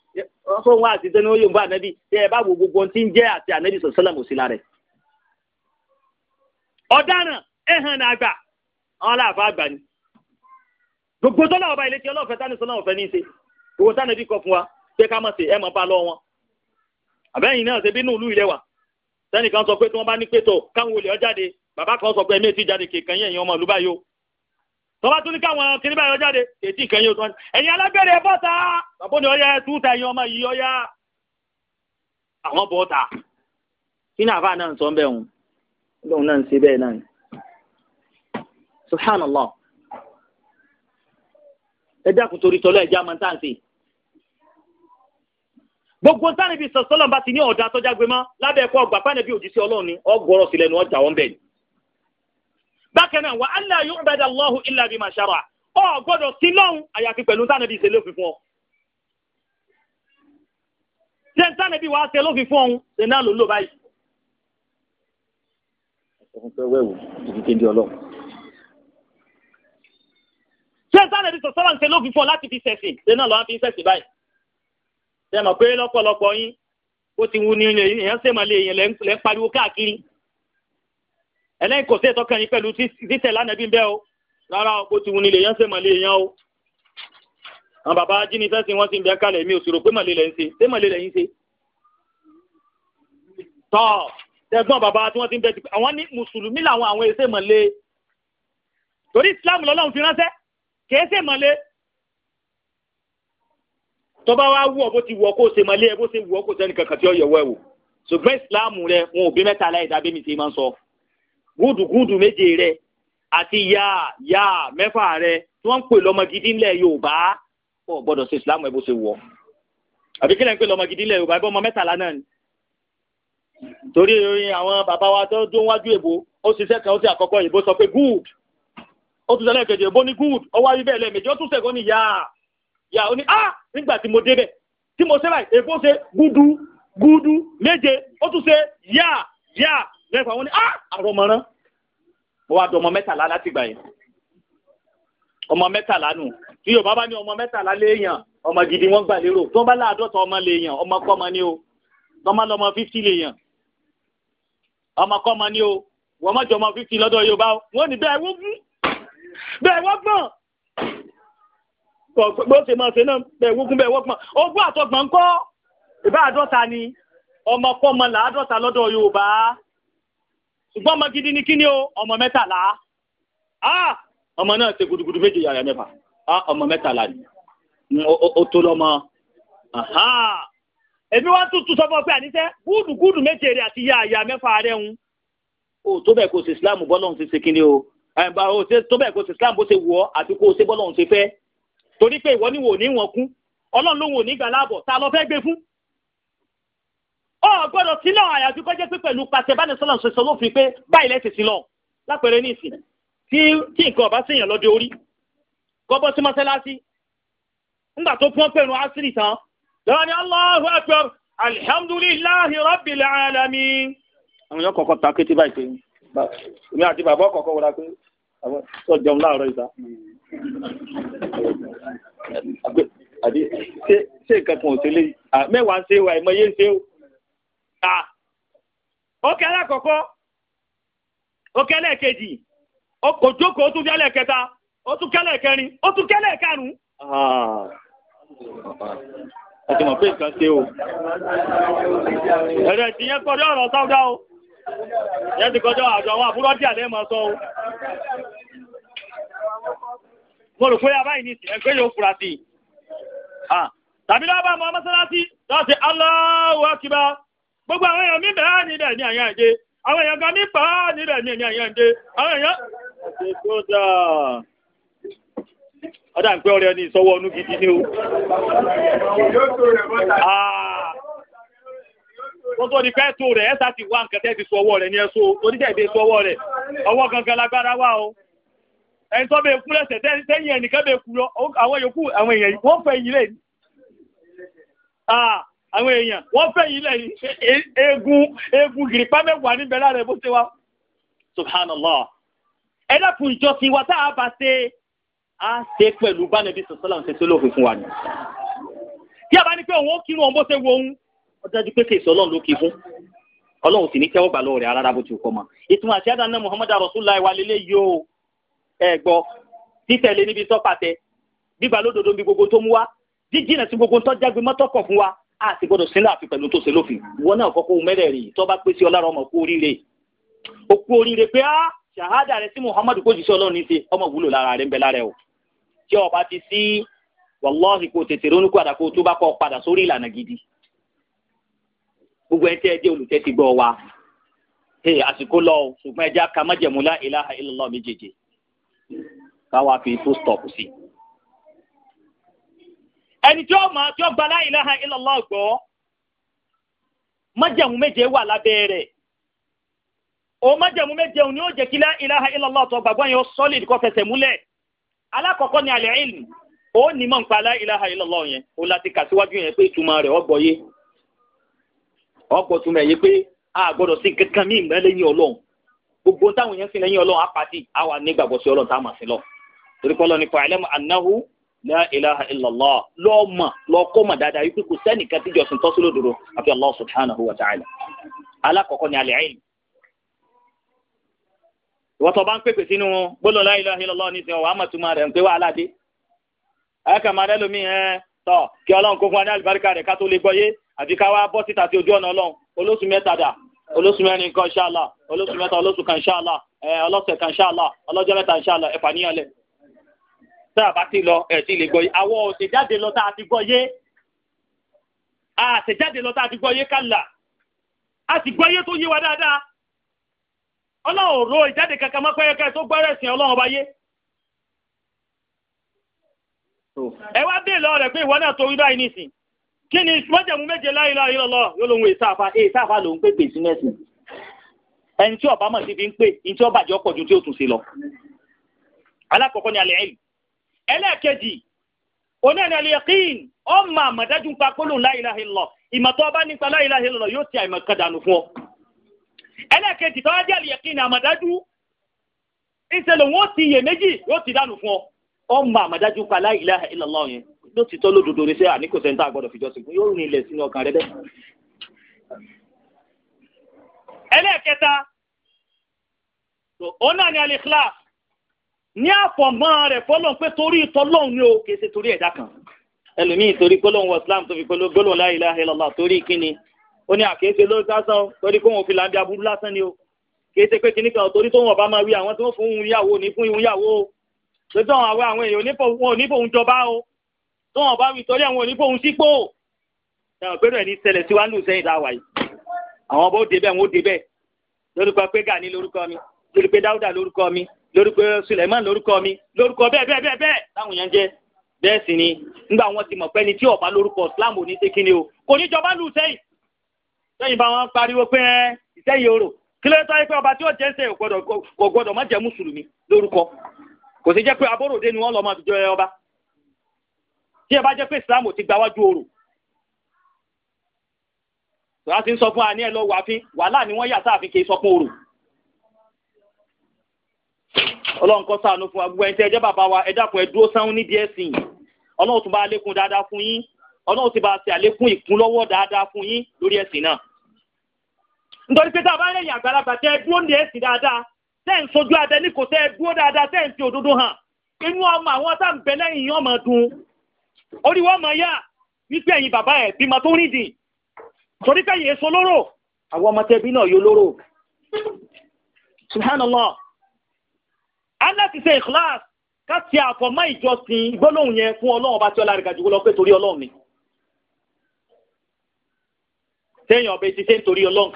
wọn fún wa àti tẹnu yorùbá ànábì tí ẹ bá wo gbogbo ohun tí ń jẹ àti ànábì sọsọlọmù sí lára ẹ. ọ̀daràn ẹ̀hàn náà gbà àwọn aláàfáà àgbà ni gbogbo tọ́lá ọba ilé tí ọlọ́ọ̀fẹ́ tani sọ́nà ọ̀fẹ́ ní í ṣe owó tánàbí kọ fún wa pé ká mọ̀ sí ẹ̀ mọ̀ bá lọ wọn àbẹ́yìn náà ṣe bínú ìlú ilé wa sẹ́nìkan sọ pé tí wọ́n bá ní pétọ̀ káwọn olè ọjáde bàbá kan sọ pé ẹ̀mí ètí jáde kèkàn yẹn èèyàn ọmọ ìlú báyò tọ́ba tún ní káwọn kiri báyọ̀ jáde ètí kàn yóò tán ẹ̀yin alágbèrè bọ́ta bàbá ni ọyá túta ẹ̀yin ọmọ yìí ọyá àwọn bọ́ta kí ni àfa náà ń sọ bẹ́ẹ̀ hùn lóun náà ń ṣe bẹ́ẹ̀ náà subhanallah ẹ dákun torí tọ́lọ́ ẹ̀já máa ń tàn sí i. gbogbo sáré bíi sọ̀sọ́lọ̀ bá ti ní ọ̀dà tọ́já gbé mọ́ lábẹ́ ẹ̀kọ́ ọgbà pàdé bíi òjíṣẹ́ ọlọ́run ni ọgbọ́rọ̀ sílẹ̀ ni ọjà wọn bẹ̀ ni. bákan náà wà allah yu'bada Allahu illa bima shara ọ gbọ́dọ̀ sí lọ́hùn àyàfi pẹ̀lú sáré bíi ṣẹlẹ́ òfin fún ọ. ṣé sáré bíi wàá ṣẹlẹ́ òfin fún ọ̀hún ṣe náà ló ń lò báyìí. ṣé sáré bíi fún ọ láti fi ṣe mọ̀ pé lọ́pọ̀lọpọ̀ yín ó ti wu ni èèyàn ṣe màlẹ́ èèyàn lẹ́ ń pariwo káàkiri ẹlẹ́yìn kò sí ìtọ́kàn yín pẹ̀lú títẹ̀ lánàá bí ń bẹ́ o rárá o ó ti wu ni èèyàn ṣe màlẹ́ èèyàn o àwọn bàbá ajínigbé tí wọ́n ti ń bẹ kalẹ̀ mi ò sì rò pé màlẹ́ lẹ́yìn ṣe ṣé màlẹ́ lẹ́yìn ṣe tọ́ tẹ̀gbọ́n bàbá tí wọ́n ti ń bẹ àwọn ní mùsùlùmí làwọn àwọn èsè màlẹ́ torí Islam lọ́lọ́run fi ránṣẹ́ kèé ṣe tọ́ba wa wù ọ bó ti wù ọ kó o ṣe mọ́lẹ́ ẹ bó ṣe wù ọ kó o ṣe ẹnìkankan tí ó yẹ̀wọ́ ẹ̀ wò ṣùgbọ́n ìsìláàmù rẹ wọn ò bí mẹ́ta láì dábẹ́ mi ṣe máa ń sọ gúdùgúdù méje rẹ àti yáà yáà mẹ́fà rẹ tí wọ́n ń pè lọ́mọ gidi ńlẹ̀ Yorùbá ọ̀ gbọ́dọ̀ ṣe ìsìláàmù ẹ bó ṣe wù àbí kílẹ̀ ń pè lọ́mọ gidi ńlẹ̀ Yorùbá ẹ bọ́ ọmọ mẹ́tàlá ni torí wa tó dún wájú èbó ó ṣiṣẹ́ kan ó good ó tún sọ lẹ́ẹ̀kejì èbó good ọwọ́ ayé bẹ́ẹ̀ lẹ́ẹ̀mejì ó tún sẹ̀kọ́ ní yà ó ní á ah, nígbà tí mo débẹ̀ tí mo ṣe báyìí èkó ṣe gúdú gúdú méje ó tún ṣe yá yá mẹ́fà wọn ní á ah, àrọ̀mọ̀rán mo wá dọ̀ ọmọ mẹ́tàlá láti gbà yẹn ọmọ mẹ́tàlá nù tí yorùbá bá ní ọmọ mẹ́tàlá léèyàn ọmọ gidi wọ́n gbà lérò tó bá láàdọ́ta ọmọ léèyàn ọmọ kọ́mọ ni o tọ́mọ lọ́mọ fífítì léèyàn ọmọ kọ́mọ ni o wọ́n mọ̀jọ ọmọ fífítì lọ́dọ̀ yorùbá wọ́n ní bẹ́ẹ̀ bẹ́ẹ̀ wọ́n gbọ́n bó ṣe máa ṣe náà bẹ̀ wókun bẹ̀ wọ́pọ̀ ogún àtọgbọ̀n ń kọ́ ìbá àádọ́ta ni ọmọkọ́mọ làádọ́ta lọ́dọ̀ Yorùbá ṣùgbọ́n ọmọ gidi ni kíni o ọmọ mẹ́tàlá ọmọ náà ṣe gudugudu méje yàrá mẹ́fà ọmọ mẹ́tàlá ni o tó lọ́mọ èmi wá tún tún sọ fún ọ pé àníṣe gúdùgúdù méje rẹ àti yàyà mẹ́fà rẹ ń o tó bẹ́ẹ̀ kó o ṣe Islam bọ́lọ́hún ṣe ṣe kíni o tó bẹ́ẹ̀ kó o ṣe Islam bó ṣe wù ọ́ àti kó o ṣe bọ́lọ́hún ṣe fẹ́ torí pé ìwọ níwò ní wọn kún ọlọ́run ló wò ní gbà láàbọ̀ ta lọ fẹ́ gbé fún. ọ gbọ́dọ̀ sílẹ̀ àyàfi kọjá pé pẹ̀lú pàṣẹ bá ní sọlọ ṣe sọ lófin pé báyìí lẹsẹ sílọ lápẹẹrẹ ní ìsìn tí tí nǹkan ọba ṣèyàn lọdẹ orí kọbọ sí mọ́sálásí ńgbà tó pọn pẹ̀lú asiri tán lọ́wọ́ ni Allahu akbar alhamdulillahi rabbil Alami àwọn yóò kọ́kọ́ ta kété báyìí pé èmi àti bàbá ọkọọkọ wọlá pé sọ jẹun láàárọ̀ ìta àbí ṣé nǹkan kan ò sí léyìí mẹ́wàá ń ṣe wa ìmọ̀ yé ń ṣe o. ókè alákọ̀ọ́kọ́ ókè ẹlẹ́ẹ̀kejì kò ó tún fi ẹlẹ́ẹ̀kẹta ó tún kẹ́lẹ̀ kẹrin ó tún kẹ́lẹ̀ mọ̀ pé o. ti yẹn kọjá ọ̀rọ̀ o yẹn ti kọjá àjọ àwọn mo rò pé abáyé ẹgbẹ́ yóò fura sí i. tàbí lọ́wọ́ bá mọ láti gbogbo àwọn èèyàn mi bẹ̀rẹ̀ ní àyàn àwọn èèyàn gan mi á ní àyàn àwọn èèyàn. ọ̀sẹ̀ ń pẹ́ ní ìsọwọ́ gidi o. rẹ̀ ti wá nǹkan tẹ́ fi ọwọ́ ẹni tó bẹ kú lẹsẹ tẹyìn ẹnìkan bẹ kú lọ àwọn yòókù àwọn èèyàn wọn fẹ yìí lẹ́yìn àwọn èèyàn wọn fẹ yìí lẹ́yìn e, eegun eegun gìrìpá mẹ́wàá níbẹ̀ lára ẹ bó ṣe wá subhanallah ẹ ìjọsìn wa tá a bá ṣe a ṣe pẹ̀lú bánẹbí sọsọlá ṣe tó lófin fún wa ni tí a bá ní pé òun ó kírun òun bó ṣe wo òun ó dájú pé kèsì Ọlọ́run ló kí fún Ọlọ́run sì ní lọ́wọ́ rẹ̀ arára bó ti ìtumọ̀ àti Muhammadu o. ẹgbọ gbọ́ títẹ̀lé níbi sọ́pàtẹ gbígbà lódodo níbi gbogbo tó mú wa jíjìnà sí gbogbo tó jágbe mọ́tọ́kọ̀ fún wa a ti gbọ́dọ̀ sílẹ̀ àfi pẹ̀lú tó ṣe lófin wọn náà kọ́kọ́ mẹ́rẹ̀ẹ̀rin tó tọba pé sí ọlára ọmọ kú oríire ó kú oríire pé rẹ sí muhammadu kò ní ṣe ọmọ wúlò lára rẹ ń bẹ lára ẹ o tí ti sí wàlọ́ọ̀hì kò tètè tó bá padà sórí káwa fi tó stop sí. ẹni tí ó mọ̀ tí ó gba ilaha illallah gbọ́ májẹ̀mú méje wà lábẹ́ rẹ̀ o májẹ̀mú méje ni ó jẹ́ kí ilaha illallah tó gbàgbọ́ yẹn ó solid kó fẹsẹ̀ múlẹ̀ alákọ̀ọ́kọ́ ni alẹ́ ilm ó ní mọ̀ nípa ilaha yẹn ó láti kà síwájú yẹn pé ìtumọ̀ rẹ̀ ọgbọ̀ yé ọgbọ̀ pé a gbọ́dọ̀ sí kankan mí ọlọ́run gbogbo táwọn èèyàn sì lẹ́yìn ọlọ́run apàdé àwa nígbàgbọ́ sí ọlọ́run táwọn sì lọ torí pé ọlọ́run nípa ẹlẹ́mu anahu la ilaha illallah lọ́ọ̀mọ̀ lọ́ọ̀kọ́ mọ̀ dáadáa yìí kò sẹ́nìkan tí jọ̀sìn tọ́sí lódodo àfi allah subhanahu wa ta'ala alákọ̀ọ́kọ́ ni alẹ́ ẹ̀yìn ìwọ́tọ̀ bá ń pèpè sínú gbọ́dọ̀ la olóṣù mẹta olóṣù kan ṣáàlà ẹ ọlọ́sẹ̀ kan ṣáàlà ọlọ́jọ́ mẹ́ta ṣáàlà ẹ̀fà níyàn lẹ̀ tá a bá ti lọ ẹ̀ ti lè gbọ́ yé àwọn òṣèjáde lọ tá a ti yé lọ tá a ti wa dáadáa ro ìjáde kankan tó gbọ́rẹ̀ sìn ọlọ́run yé ẹ wá dé lọ pé ìwọ náà torí báyìí nìsín kí ni mọ́jẹ̀mú méje láyé láyé lọ́lọ́ yóò lóun ẹni tí ọba mọ̀ sí fi ń pè ní tí ju tí ó tún ṣe lọ. alákọ̀ọ́kọ́ ni alẹ́ ẹ̀lì. ẹlẹ́ẹ̀kejì onáni aliyakin ọmọ àmọ̀dájú pa la ilaha illallah ìmọ̀tọ́ ọba nípa la ilaha illallah yóò ti àìmọ̀ kan fún ọ. ẹlẹ́ẹ̀kejì tọ́wọ́ jẹ́ aliyakin àmọ̀dájú ìṣẹ̀lẹ̀ wọn ti yè méjì ọ. àmọ̀dájú pa yẹn ti tọ́ lódodo ní àgbọ̀dọ̀ fìjọ́sìn yóò rìn ilẹ̀ sínú ọkàn ẹlẹ́ẹ̀kẹta òun náà ni al-ikhlas ní àfọ̀mọ́ rẹ̀ fọlọ́n pé torí ìtọ́lọ́hún ni o kìí ṣe torí ẹ̀dá kan ẹlòmíì torí gbólóhùn islam tó fi gbólóhùn la ilaha illallah torí kíni ó ní àkéṣe ló sásán torí kóhùn òfin làǹdí aburú lásán ni o kìí ṣe pé kíní kan torí tóhùn ọba máa wí àwọn tí wọ́n fún un yàwó ní fún un yàwó o lójú àwọn àwọn àwọn èèyàn wọn ò ní fòun jọba o tóhùn ọba wí torí àwọn ò ní fòun sípò ẹ̀wọ̀n pẹ̀lú ẹ̀ ní ṣẹlẹ̀ síwájú sẹ́yìn dáwà yìí àwọn bó débẹ̀ wọn ó débẹ̀ lórúkọ pé Gani lórúkọ mi lórí pé Dáúdà lórúkọ mi lórí pé Suleiman lórúkọ mi lórúkọ bẹ́ẹ̀ bẹ́ẹ̀ bẹ́ẹ̀ bẹ́ẹ̀ táwọn yẹn jẹ́ bẹ́ẹ̀ sì ni nígbà wọn ti mọ̀ pé ni tí ọba lórúkọ Islam ò ní ṣe kíni o kò ní jọba lù sẹ́yìn sẹ́yìn bá wọn pariwo pé ìsẹ́yìn orò kí ló ń sáré pé ọba tí ó jẹ́ ṣe kò gbọdọ̀ má jẹ́ mùsùlùmí lórúkọ kò sì jẹ́ pé abóròdé ni wọ́n lọ́ tọ́lá ti ń sọ fún wa ní ẹ lọ wàáfin wàhálà ni wọ́n yà sáàfin kì í sọ fún òrò. ọlọ́run kọ́ sànù fún wa gbogbo ẹni tẹ́ ẹjẹ́ bàbá wa ẹjẹ́ àpò ẹ̀dúró sáwọn ní díẹ̀ sí i ọlọ́run tún bá lékún dáadáa fún yín ọlọ́run ti bá ṣe àlékún ìkúnlọ́wọ́ dáadáa fún yín lórí ẹ̀sìn náà. nítorí pé tá a bá rẹ̀yìn àgbàlagbà tẹ́ ẹ dúró ní ẹ̀sìn dáadáa tẹ́ ń sojú adẹ ní kò tẹ́ ẹ dúró dáadáa tẹ́ ń fi òdodo hàn inú ọmọ àwọn tá ń bẹ lẹ́yìn yín ọmọ dùn orí wọn yá wípé ẹ̀yin bàbá ẹ̀ bímọ tó rìn torí kẹ́yìn èso lóró àwọn ọmọ tẹbí náà yóò lóró subhanallah aláti ṣe ikhlas ká àfọ̀mọ́ ìjọsìn gbólóhùn yẹn fún ọlọ́run bá tí ọlá rẹ̀ gàjú lọ pé torí ọlọ́run ni téèyàn ọbẹ̀ ti ṣe ń torí ọlọ́run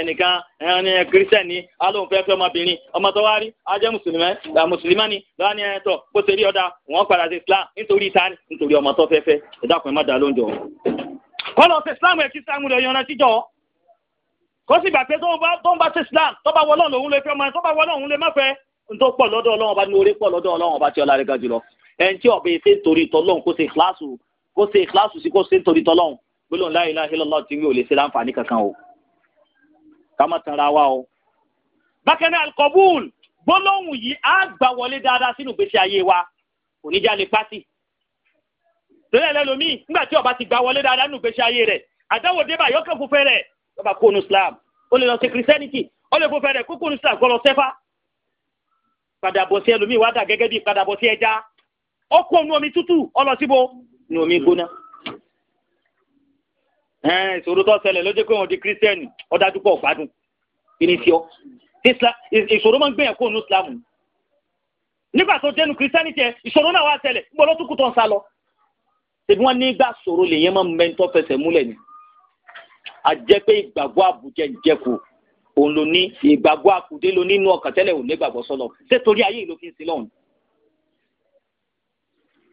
ẹnìkan ẹni ni ọmọbìnrin ọmọ kọ́lọ̀ ṣe islam ẹ̀ kí islam rẹ̀ yanra síjọ́ kó sì gbà pé tó ń bá ṣe islam tó bá wọlọ́ọ̀ lòun lè fẹ́ ọmọ ẹ̀ tó bá wọlọ́ọ̀ òun lè má fẹ́ tó pọ̀ lọ́dọ̀ ọlọ́run ọba ní orí pọ̀ lọ́dọ̀ ọlọ́run ọba tí ọlá rẹ̀ ga jùlọ ẹni tí ọ̀bẹ ṣe ń torí tọ́lọ́run kó ṣe ìkíláàsù kó ṣe ìkíláàsù sí kó ṣe ń torí tọ́lọ́run gbólóhùn la ilaha illallah tí mi ò lè ṣe láǹfààní kankan o ká má tan ra wa o. bákan náà alkọ̀bùl torí ẹlẹ́lómi nígbà tí ọba ti gbà wọlé dáadáa nù gbèsè ayé rẹ̀ àdáwò débà yọkàn fúnfẹ́ rẹ̀ ọba kó Islam ó lè lọ sí Christianity ó lè fúnfẹ́ rẹ̀ kókó nu Islam kọ́ lọ sẹ́fà padàbọ̀ sí ẹlòmíì wá dà gẹ́gẹ́ bí padàbọ̀ sí ẹja ó kó nu omi tútù ó lọ síbo nu omi gbóná. ẹ̀ẹ́n ìṣòro tó ṣẹlẹ̀ ló jẹ́ pé wọ́n di Christian ọ̀dájú pọ̀ gbádùn ìníṣíọ́ ìṣòro máa ń gbìyànjú kó nu Islam nígbà tó dénú Christianity ìṣòro náà wá ṣẹlẹ̀ ń bọ́ ṣebí wọ́n nígbà sòro lèyẹn máa mẹ́ńtọ́ fẹsẹ̀ múlẹ̀ ni a jẹ́ pé ìgbàgbọ́ àbújẹ́ ń jẹ́kù òun ló ní ìgbàgbọ́ àkùdé ló nínú ọkàn tẹ́lẹ̀ òun nígbàgbọ́ sọ́lọ́ ṣé torí ayé ìlú fi ń sin lọ́hùn.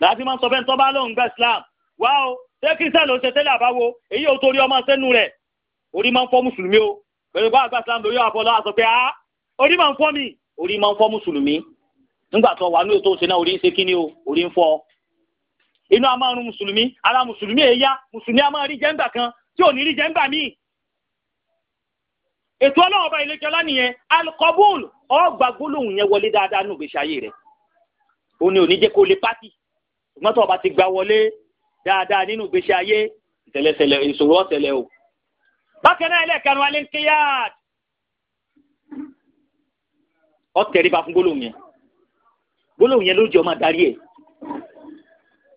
láti máa ń sọ fẹ́ tọ́ bá lóun gba Islam wá o ṣé kírísítà ló ṣe tẹ́lẹ̀ àbáwo èyí ò torí ọmọ sẹ́nu rẹ̀ orí máa ń fọ́ mùsùlùmí o pẹ̀lú bá àgbà Islam lórí àfọlọ́ àsọ pé a orí máa ń fọ́ mi orí máa ń fọ́ mùsùlùmí nígbà tó wà ní ètò òṣèlú náà orí ń ṣe kíní o orí ń fọ́ inú a máa rún mùsùlùmí ara mùsùlùmí èyá mùsùlùmí a máa rí jẹ́ńgbà kan tí ò ní rí jẹ́ńgbà míì ètò ọlọ́run ọba ilé jọlá nìyẹn alukọ́bùl ọgbà gbólóhùn yẹn wọlé dáadáa nù gbèsè ayé rẹ̀ ó ní òní jẹ́ kó lè pátì ṣùgbọ́n tó ọba ti gbà wọlé dáadáa nínú gbèsè ayé ìtẹ̀lẹ̀tẹ̀lẹ̀ ìṣòro ọ̀tẹ̀lẹ̀ o. bákan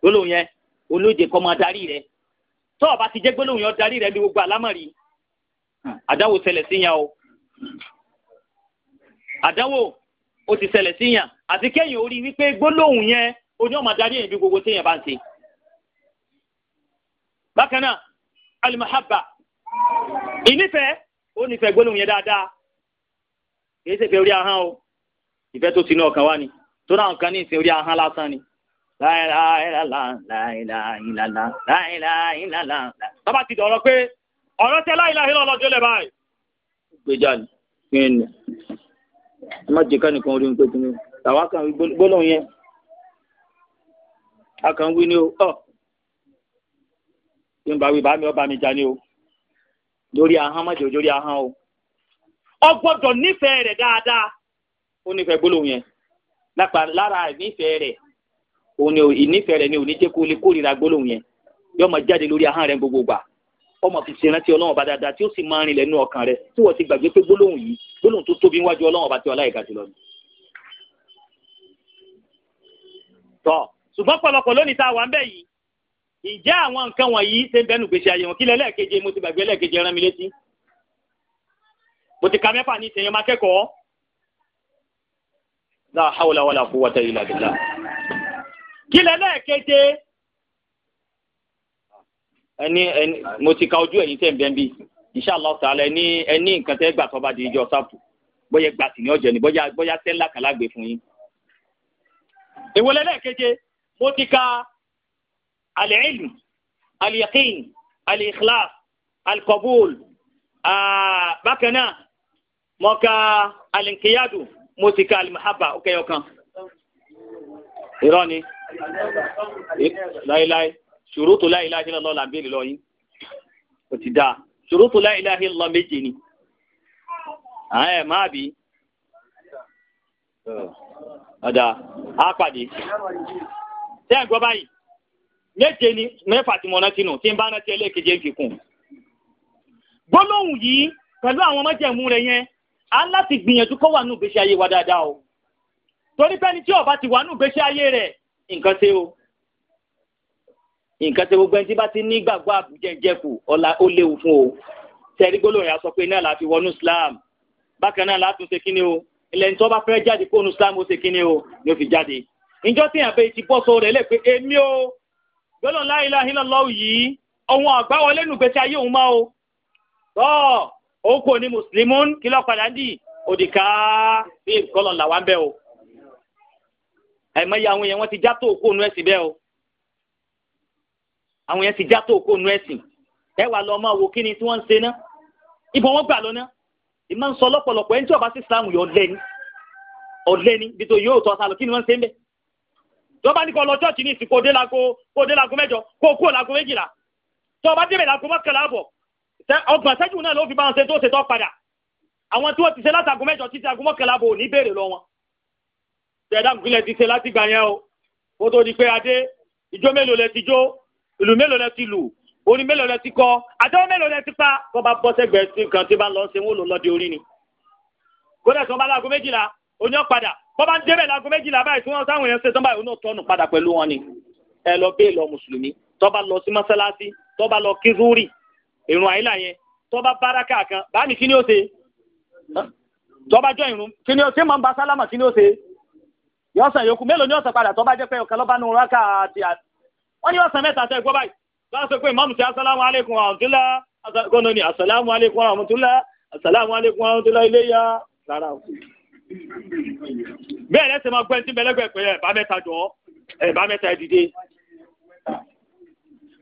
gbólóhùn yẹn olóde kọ́ máa darí rẹ tó o bá ti jẹ́ gbólóhùn yẹn darí rẹ bí gbogbo àlámọ̀rí àdáwò ṣẹlẹ̀ sí yẹn o àdáwò ó ti ṣẹlẹ̀ sí yẹn àti kéèyàn ó rí wípé gbólóhùn yẹn oní ọmọ darí yẹn bí gbogbo téèyàn bá ń ṣe. bákan náà alimahaba ìnífẹ̀ẹ́ ó nífẹ̀ẹ́ gbólóhùn yẹn dáadáa kì í ṣe fẹ́ orí ahọ́n o ìfẹ́ tó ti ní ọkàn wá ni tó náà kan ní ìsìn orí ahọ́n lásán ni tọ́ba ti dọ̀rọ̀ pé ọ̀rọ̀ tẹ láìláì lọ́lọ́jọ́ lẹ̀ báyìí. gbèjà ni kí ni ẹ má jẹ kánìkan orí mi pé kí tàwa kan wí gbólóhùn yẹn a kan wí ni o ọ̀ tí n bá wí bá mi ọba mi já ni o lórí ahọ́n má jẹ́ lórí ahọ́n o ọ gbọ́dọ̀ nífẹ̀ẹ́ rẹ̀ dáadáa ó nífẹ̀ẹ́ gbólóhùn yẹn lára nífẹ̀ẹ́ rẹ̀ òun ni ìnífẹ̀ẹ́ rẹ̀ ni òní jẹ́ kó lè kórìíra gbólóhùn yẹn yóò máa jáde lórí ahọ́n rẹ̀ gbogbo gbà ọmọ fi ṣe rántí ọlọ́run ọba dáadáa tí ó sì máa rìn lẹ́nu ọkàn rẹ̀ tí wọ́n ti gbàgbé pé gbólóhùn yìí gbólóhùn tó tóbi níwájú ọlọ́run ọba tí ọlá ìka jùlọ ni. tọ́ ṣùgbọ́n pọ̀lọpọ̀ lónìí tá a wà ń bẹ̀ yìí ìjẹ́ àwọn nǹkan wọ̀nyí ṣe ń bẹnu gbèsè ayé wọn kí lẹ́lẹ́keje mo ti gbàgbé lẹ́ẹ̀keje rán mi létí. mo ti ka mẹ́fà ní ìṣẹ̀yìn ọmọ akẹ́kọ̀ọ́. la hawla wala quwwata illa billah kí lẹ́lẹ́keje ẹni ẹni mo ti ka ojú ẹ̀yin tẹ̀ ń bẹ́ẹ̀ bí inshallah ta'ala ẹni ẹni nǹkan tẹ́ gbà tó bá di ìjọ sáfù bóyá gbà sí ní ọjọ́ ni bóyá bóyá tẹ́lá kan lágbè fún yín. èwo lẹ́lẹ́keje mo ti ka al-ilm al-yaqin al-ikhlas al-qabul bákan náà mo ka al-inqiyadu mo ti ka al-mahabba ó kẹyọ kan. irọ́ ni. Eh, láíláí ṣùrùtù la ilaha illallah lọ yín kò ti dáa ṣùrùtù la ilaha méje ni ẹ máa bí ọ̀dà á pàdé ẹ̀ gbọ́ báyìí méje ni mẹ́fà tí mo rántí nù tí n bá rántí ẹlẹ́ẹ̀keje ń fi kún gbólóhùn yìí pẹ̀lú àwọn ọmọjẹ̀mú rẹ yẹn á láti gbìyànjú kó wà nù gbèsè ayé wa dáadáa o torí pẹ́ni tí ti wà ayé rẹ̀ nǹkan ṣe o nǹkan ṣe gbogbo ẹni tí bá ti ní gbàgbọ́ àbújẹjẹkù ọ̀la ó léwu fún o tẹ̀rí gbólóhùn yà sọ pé náà láti wọnú Islam bákan náà látún ṣe kíni o ilẹ̀ nítorí bá fẹ́ jáde kóònù Islam ó ṣe kíni o ni ó fi jáde ìjọ tí yàn pé ti bọ́ sọ rẹ̀ lẹ̀ pé èmi o gbólóhùn la ilaha illallah yìí ohun àgbá wọlé nùgbẹ́ tí ayé òun máa o tọ́ òun kò ní mùsùlùmí kí lọ́ọ́ padà dì òdìkà bí ìkọlọ̀ làwọn bẹ́ o àìmọye àwọn yẹn wọ́n ti já tó òkú ònú ẹ̀sìn bẹ́ẹ̀ o àwọn yẹn ti já tó òkú ònú ẹ̀sìn ẹ wà lọ ọmọ wo kí ni tí wọ́n ń ṣe ná ibò wọn gbà lọ́nà ìmọ̀ ń sọ lọ́pọ̀lọpọ̀ ẹni tí ọba sí Islam yọ ọ̀lẹ́ ni ọ̀lẹ́ ni bí tó yóò tọ́ sálọ kí ni wọ́n ń ṣe ń bẹ̀ tí wọ́n bá ní kọ́ lọ chọ́ọ̀chì ní ìsìn kó dé lago kó dé lago mẹ́jọ kó kú lago méjìlá tẹ̀dáàmù kílẹ̀ ti ṣe láti gbà yẹn o kó tó di pé adé ìjó mélòó lẹ ti jó ìlú mélòó lẹ ti lù orin mélòó lẹ ti kọ àtẹwọ́ mélòó lẹ ti pa tó bá bọ́ sẹ́gbẹ̀ẹ́ sí nǹkan tí bá lọ ṣe wọ́n lò lọ́dẹ orí ni. kódà tí wọ́n bá láago méjìlá oní ọ̀padà bọ́ bá ń débẹ̀ láago méjìlá báyìí tí wọ́n sáwọn èèyàn ṣe tán báyìí oní ọ̀tọ́nù padà pẹ̀lú wọn ni ẹ lọ bẹ́ẹ̀ lọ mùsùlùmí tó bá lọ sí mọ́sálásí tó bá lọ kí zúrì ìrun yẹn tó bá báraka kan báyìí kí ni ó ṣe tó bá jọ ìrun kí ni ó ṣe máa ń ba sálámà kí ni ó ṣe yóò san yòókù mélòó ni yóò san padà tó bá jẹ́ pé ọ̀kan ló bá nu rákà àti àti wọ́n ní yóò san mẹ́ta sẹ́gbọ́ báyìí lọ́wọ́ sọ pé ìmáàmù sí asalaamu aleykum ọ̀húntúlá gbọ́dọ̀ ni asalamu aleykum ọ̀húntúlá asalaamu aleykum ọ̀húntúlá iléyà rárá o. bẹ́ẹ̀ lẹ́sẹ̀ máa gbẹ́ ní bẹ́lẹ́gbẹ́ pé ẹ̀ bá mẹ́ta jọ ẹ̀ bá mẹ́ta dìde.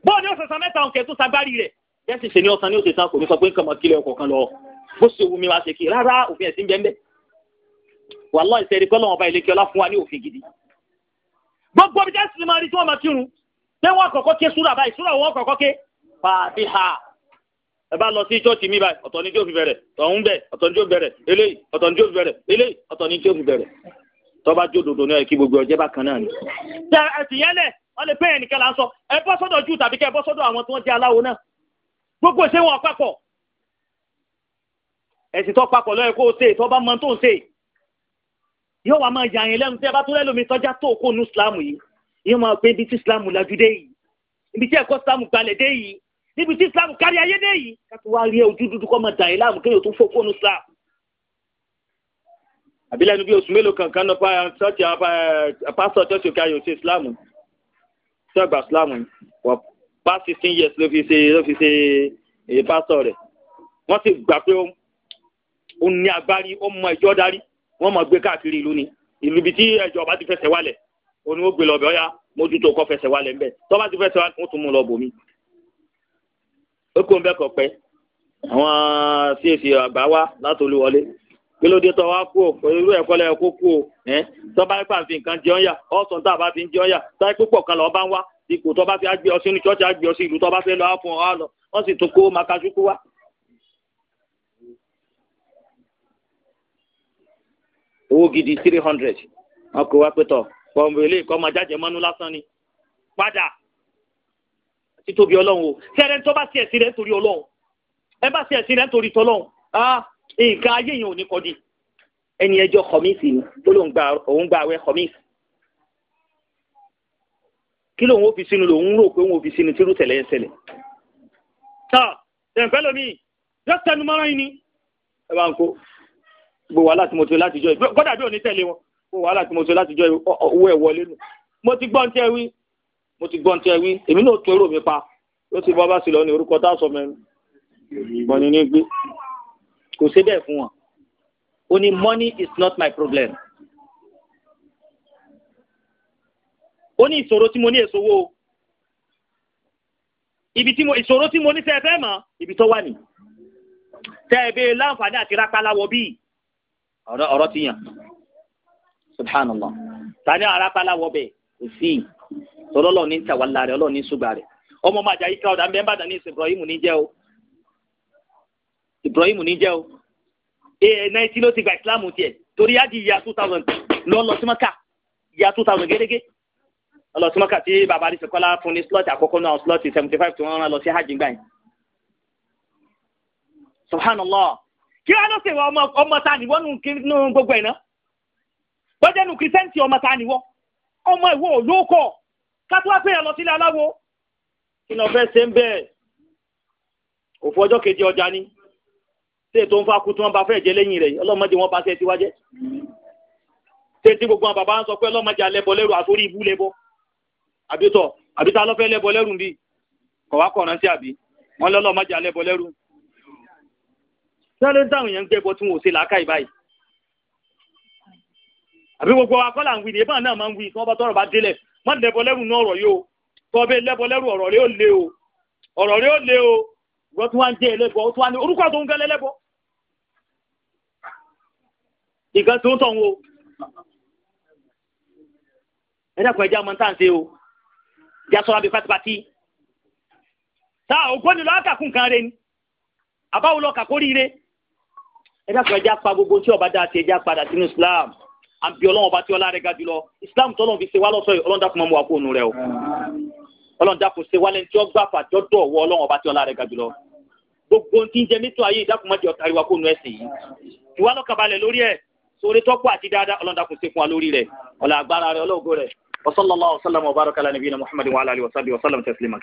bọ́ọ̀ ni ó sọ san mẹ́ta òǹkẹ́ tó sagbárí rẹ̀ bẹ́ẹ̀ sì ṣe ni ọ̀sán ni ó ṣe wàhálà ìṣẹ̀rí kọ́ lọ́wọ́ ọba ilé kíọ́lá fún wa ní òfin gidi. gbogbo bí jẹ́sì ni máa rí tí wọ́n máa kírun pé wọ́n kọ́kọ́ ké súrà báyìí súrà wọn kọ́kọ́ ké fàtíhà. ẹ bá lọ sí ṣọ́ọ̀ṣì mi báyìí ọ̀tọ̀ ni tí ó fi bẹ̀rẹ̀ tọ̀hún bẹ̀ ọ̀tọ̀ ni tí ó fi bẹ̀rẹ̀ eléyìí ọ̀tọ̀ ni tí ó fi bẹ̀rẹ̀ eléyìí ọ̀tọ̀ ni tí ó fi bẹ̀rẹ̀ tọ́ba jó dòdò náà kí gbogbo ọjẹ́ bá kan náà ni. tẹ ẹsìn yẹn lẹ wọn lè pẹ́ yẹn nìkan là ń sọ ẹ bọ́ sọ́dọ̀ jù tàbí kẹ́ ẹ bọ́ sọ́dọ̀ àwọn tí wọ́n jẹ́ aláwo náà gbogbo ìṣe wọn papọ̀ ẹ̀sìn tó papọ̀ lọ́yẹ̀ kó o ṣe tó bá mọ tó ń ṣe yóò wá máa yàyìn lẹ́nu tí ẹ bá tún lẹ́nu mi tọ́já tó kó nu islam yìí yóò máa pé ibi tí islam lajú dé yìí ibi tí ẹ̀kọ́ islam gbalẹ̀ dé yìí níbi tí islam kárí ayé dé yìí kátó wá rí ojú dúdú kọ́ máa dà yín láàmú kéèyàn tó fò kó nu islam. àbí lẹ́nu bí oṣù mélòó kankan náà eh, pa ṣọ́ọ̀ṣì eh, pásítọ̀ ṣọ́ọ̀ṣì òkè ayò ṣe islam ṣé ọgbà islam wọ́n sixteen years ló fi ṣe ló fi ṣe èyí eh, pásítọ̀ rẹ̀ wọ́n ti gbà pé ó ní agbárí ó mọ ìjọ́ darí wọ́n máa gbé káàkiri ìlú ni ìlú ibi tí ẹjọ́ bá ti fẹsẹ̀ wálẹ̀ òní ó gbé lọ bẹ̀ ọ́yá mójútó kọ́ fẹsẹ̀ wálẹ̀ ńbẹ̀ tó bá ti fẹsẹ̀ wálẹ̀ wọ́n tún mú lọ bòmí. ó kó ń bẹ́ pẹ́ àwọn CAC àgbà wa láti olúwọlé kí ló dé tó wá kú o irú ẹ̀kọ́ lẹ́yìn kó kú o ẹ̀ tó bá yẹ pàǹfì nǹkan jẹun yà ọ̀sán tá a bá fi ń jẹun yà táyé púpọ̀ kan lọ́ọ́ bá ń wá ipò tó bá fi àgbẹ̀ ọ sínú chọ́ọ̀chì àgbẹ̀ ọ sí ìlú tó bá lọ́ọ́ fún ọ á lọ wọ́n sì tún kó makajú wá owó gidi three hundred wọn kò wá pé tọ pọ̀nbù ilé ìkọ́ máa jáde mọ́nú lásán ni padà títóbi ọlọ́run o sẹ́rẹ̀ tó bá sí ẹ̀sìn rẹ̀ nítorí ọlọ́run ẹ bá sí ẹ̀sìn rẹ̀ nítorí tọ́lọ́run nǹkan ayé yẹn ò ní kọ́ di ẹni ẹjọ́ kọ́míìsì ni tó lóun gba òun gba àwẹ̀ kọ́míìsì kí lóun ó fi sínú lòun rò pé òun ò fi sínú tírú tẹ̀lé ẹsẹ̀lẹ̀ tọ́ ẹ̀fẹ́ lómi yọ sẹ́nu mọ́rán yìí ni ẹ bá ń kó gbogbo wàhálà tí mo ti láti jọ yìí kódà bí òní tẹ̀lé wọn gbogbo wàhálà tí mo ti láti jọ yìí owó ẹ̀ wọlé nù mo ti gbọ́n tẹ́ wí mo ti gbọ́n tẹ́ wí èmi náà tó èrò mi pa ló ti bọ́ bá sí lọ ní orúkọ tá a sọ mẹ́rin ìbọn ní gbé kò sí bẹ́ẹ̀ fún wọn ó ní money is not my problem ó ní ìṣòro tí mo ní èso wo ibi tí mo ìṣòro tí mo ní sẹ́ẹ̀ fẹ́ mọ̀ ibi tó wà ní tẹ́ ẹ bẹ́ẹ̀ láǹfààní àti rápáláwọ bíi. ọ̀rọ̀ ti yàn subhanallah tani arápálá kò sí i ní tàwálà rẹ̀ ọlọ́ọ̀ ní ṣùgbà rẹ̀ ọmọ ọmọ àjà yíká ọ̀dà mẹ́mbà dání Ibrahim ní o Ibrahim ní jẹ́ o ee eh, náìtí ló ti gba Islam tiẹ̀ torí a di ìyá two thousand lọ́ọ́ lọ sí mọ́kà ìyá two thousand gẹ́gẹ́ lọ sí mọ́kà tí bàbá àdìsí kọ́lá fún ní slọ́ọ̀tì àkọ́kọ́ náà lọ sí hajj kí a ló ṣèwọ ọmọ ọmọ ta nìwọ nù gbogbo ẹ̀ náà bọ́jẹ́ nù kìrìsẹ́ǹtì ọmọ ta nìwọ ọmọ ìwọ olóòkọ kátó wá pé ẹ lọ sílé aláwo kí ni ọ̀fẹ́ ṣe ń bẹ́ẹ̀ òfò ọjọ́ kejì ọjà ni tí ètò ń fa kutu wọn bá fẹ́ jẹ lẹ́yìn rẹ̀ gbogbo àwọn bàbá ń sọ pé ọlọ́mọdé lẹ́rù ibú lọ́fẹ́ lẹ́rù ń kọ̀wá sáré dáhùn yẹn ń gbẹ́bọ tí wọn ò ṣe làákà ìbáyìí àbí gbogbo akọ́là ń wí ní ìbáà náà máa ń wí tí wọ́n bá tọrọ bá délẹ̀ má lẹ́bọ lẹ́rù náà ọ̀rọ̀ yìí o tọ́bẹ̀ lẹ́bọ lẹ́rù ọ̀rọ̀ rẹ̀ ó le o ọ̀rọ̀ rẹ̀ ó le o ìwọ́n tí wọ́n ń jẹ́ ẹlẹ́bọ tí wọ́n ní orúkọ tó ń gẹ́lẹ́ lẹ́bọ. ìgbà tó ń tàn wo ẹ dàpọ̀ ẹja tá à ń o ìjà sọ́ra bíi pátípátí tá ògbóni lọ́ọ́ kàkún kan rẹ ẹ̀dá kan ẹja pa gbogbo tí ọba dáa ti ẹja padà sínú Islam àbí ọlọ́run ọba tí ọlá rẹ̀ ga jùlọ Islam tọ́lọ́run fi ṣe wá lọ́sọ̀ọ́ ọlọ́run dákun mọ́ mu àkó òun rẹ̀ o ọlọ́run dákun ṣe wá lẹ́ni tí ó gbà fàjọ́ dọ̀ wọ ọlọ́run ọba tí ọlá rẹ̀ ga jùlọ gbogbo tí ń jẹ mítò ayé ìdákun mọ́ di ọ̀tá ìwà kó òun ẹ̀sìn yìí ìwà lọ́kàbalẹ̀ lórí ẹ̀ sórí tọ́pọ̀ àti dáadáa ọlọ́run dákun ṣe fún wa lórí rẹ̀ ọ̀là agbára rẹ̀ ọlọ́ọ̀gọ́ rẹ̀ وصلى الله وسلم وبارك على نبينا محمد وعلى اله وصحبه وسلم تسليما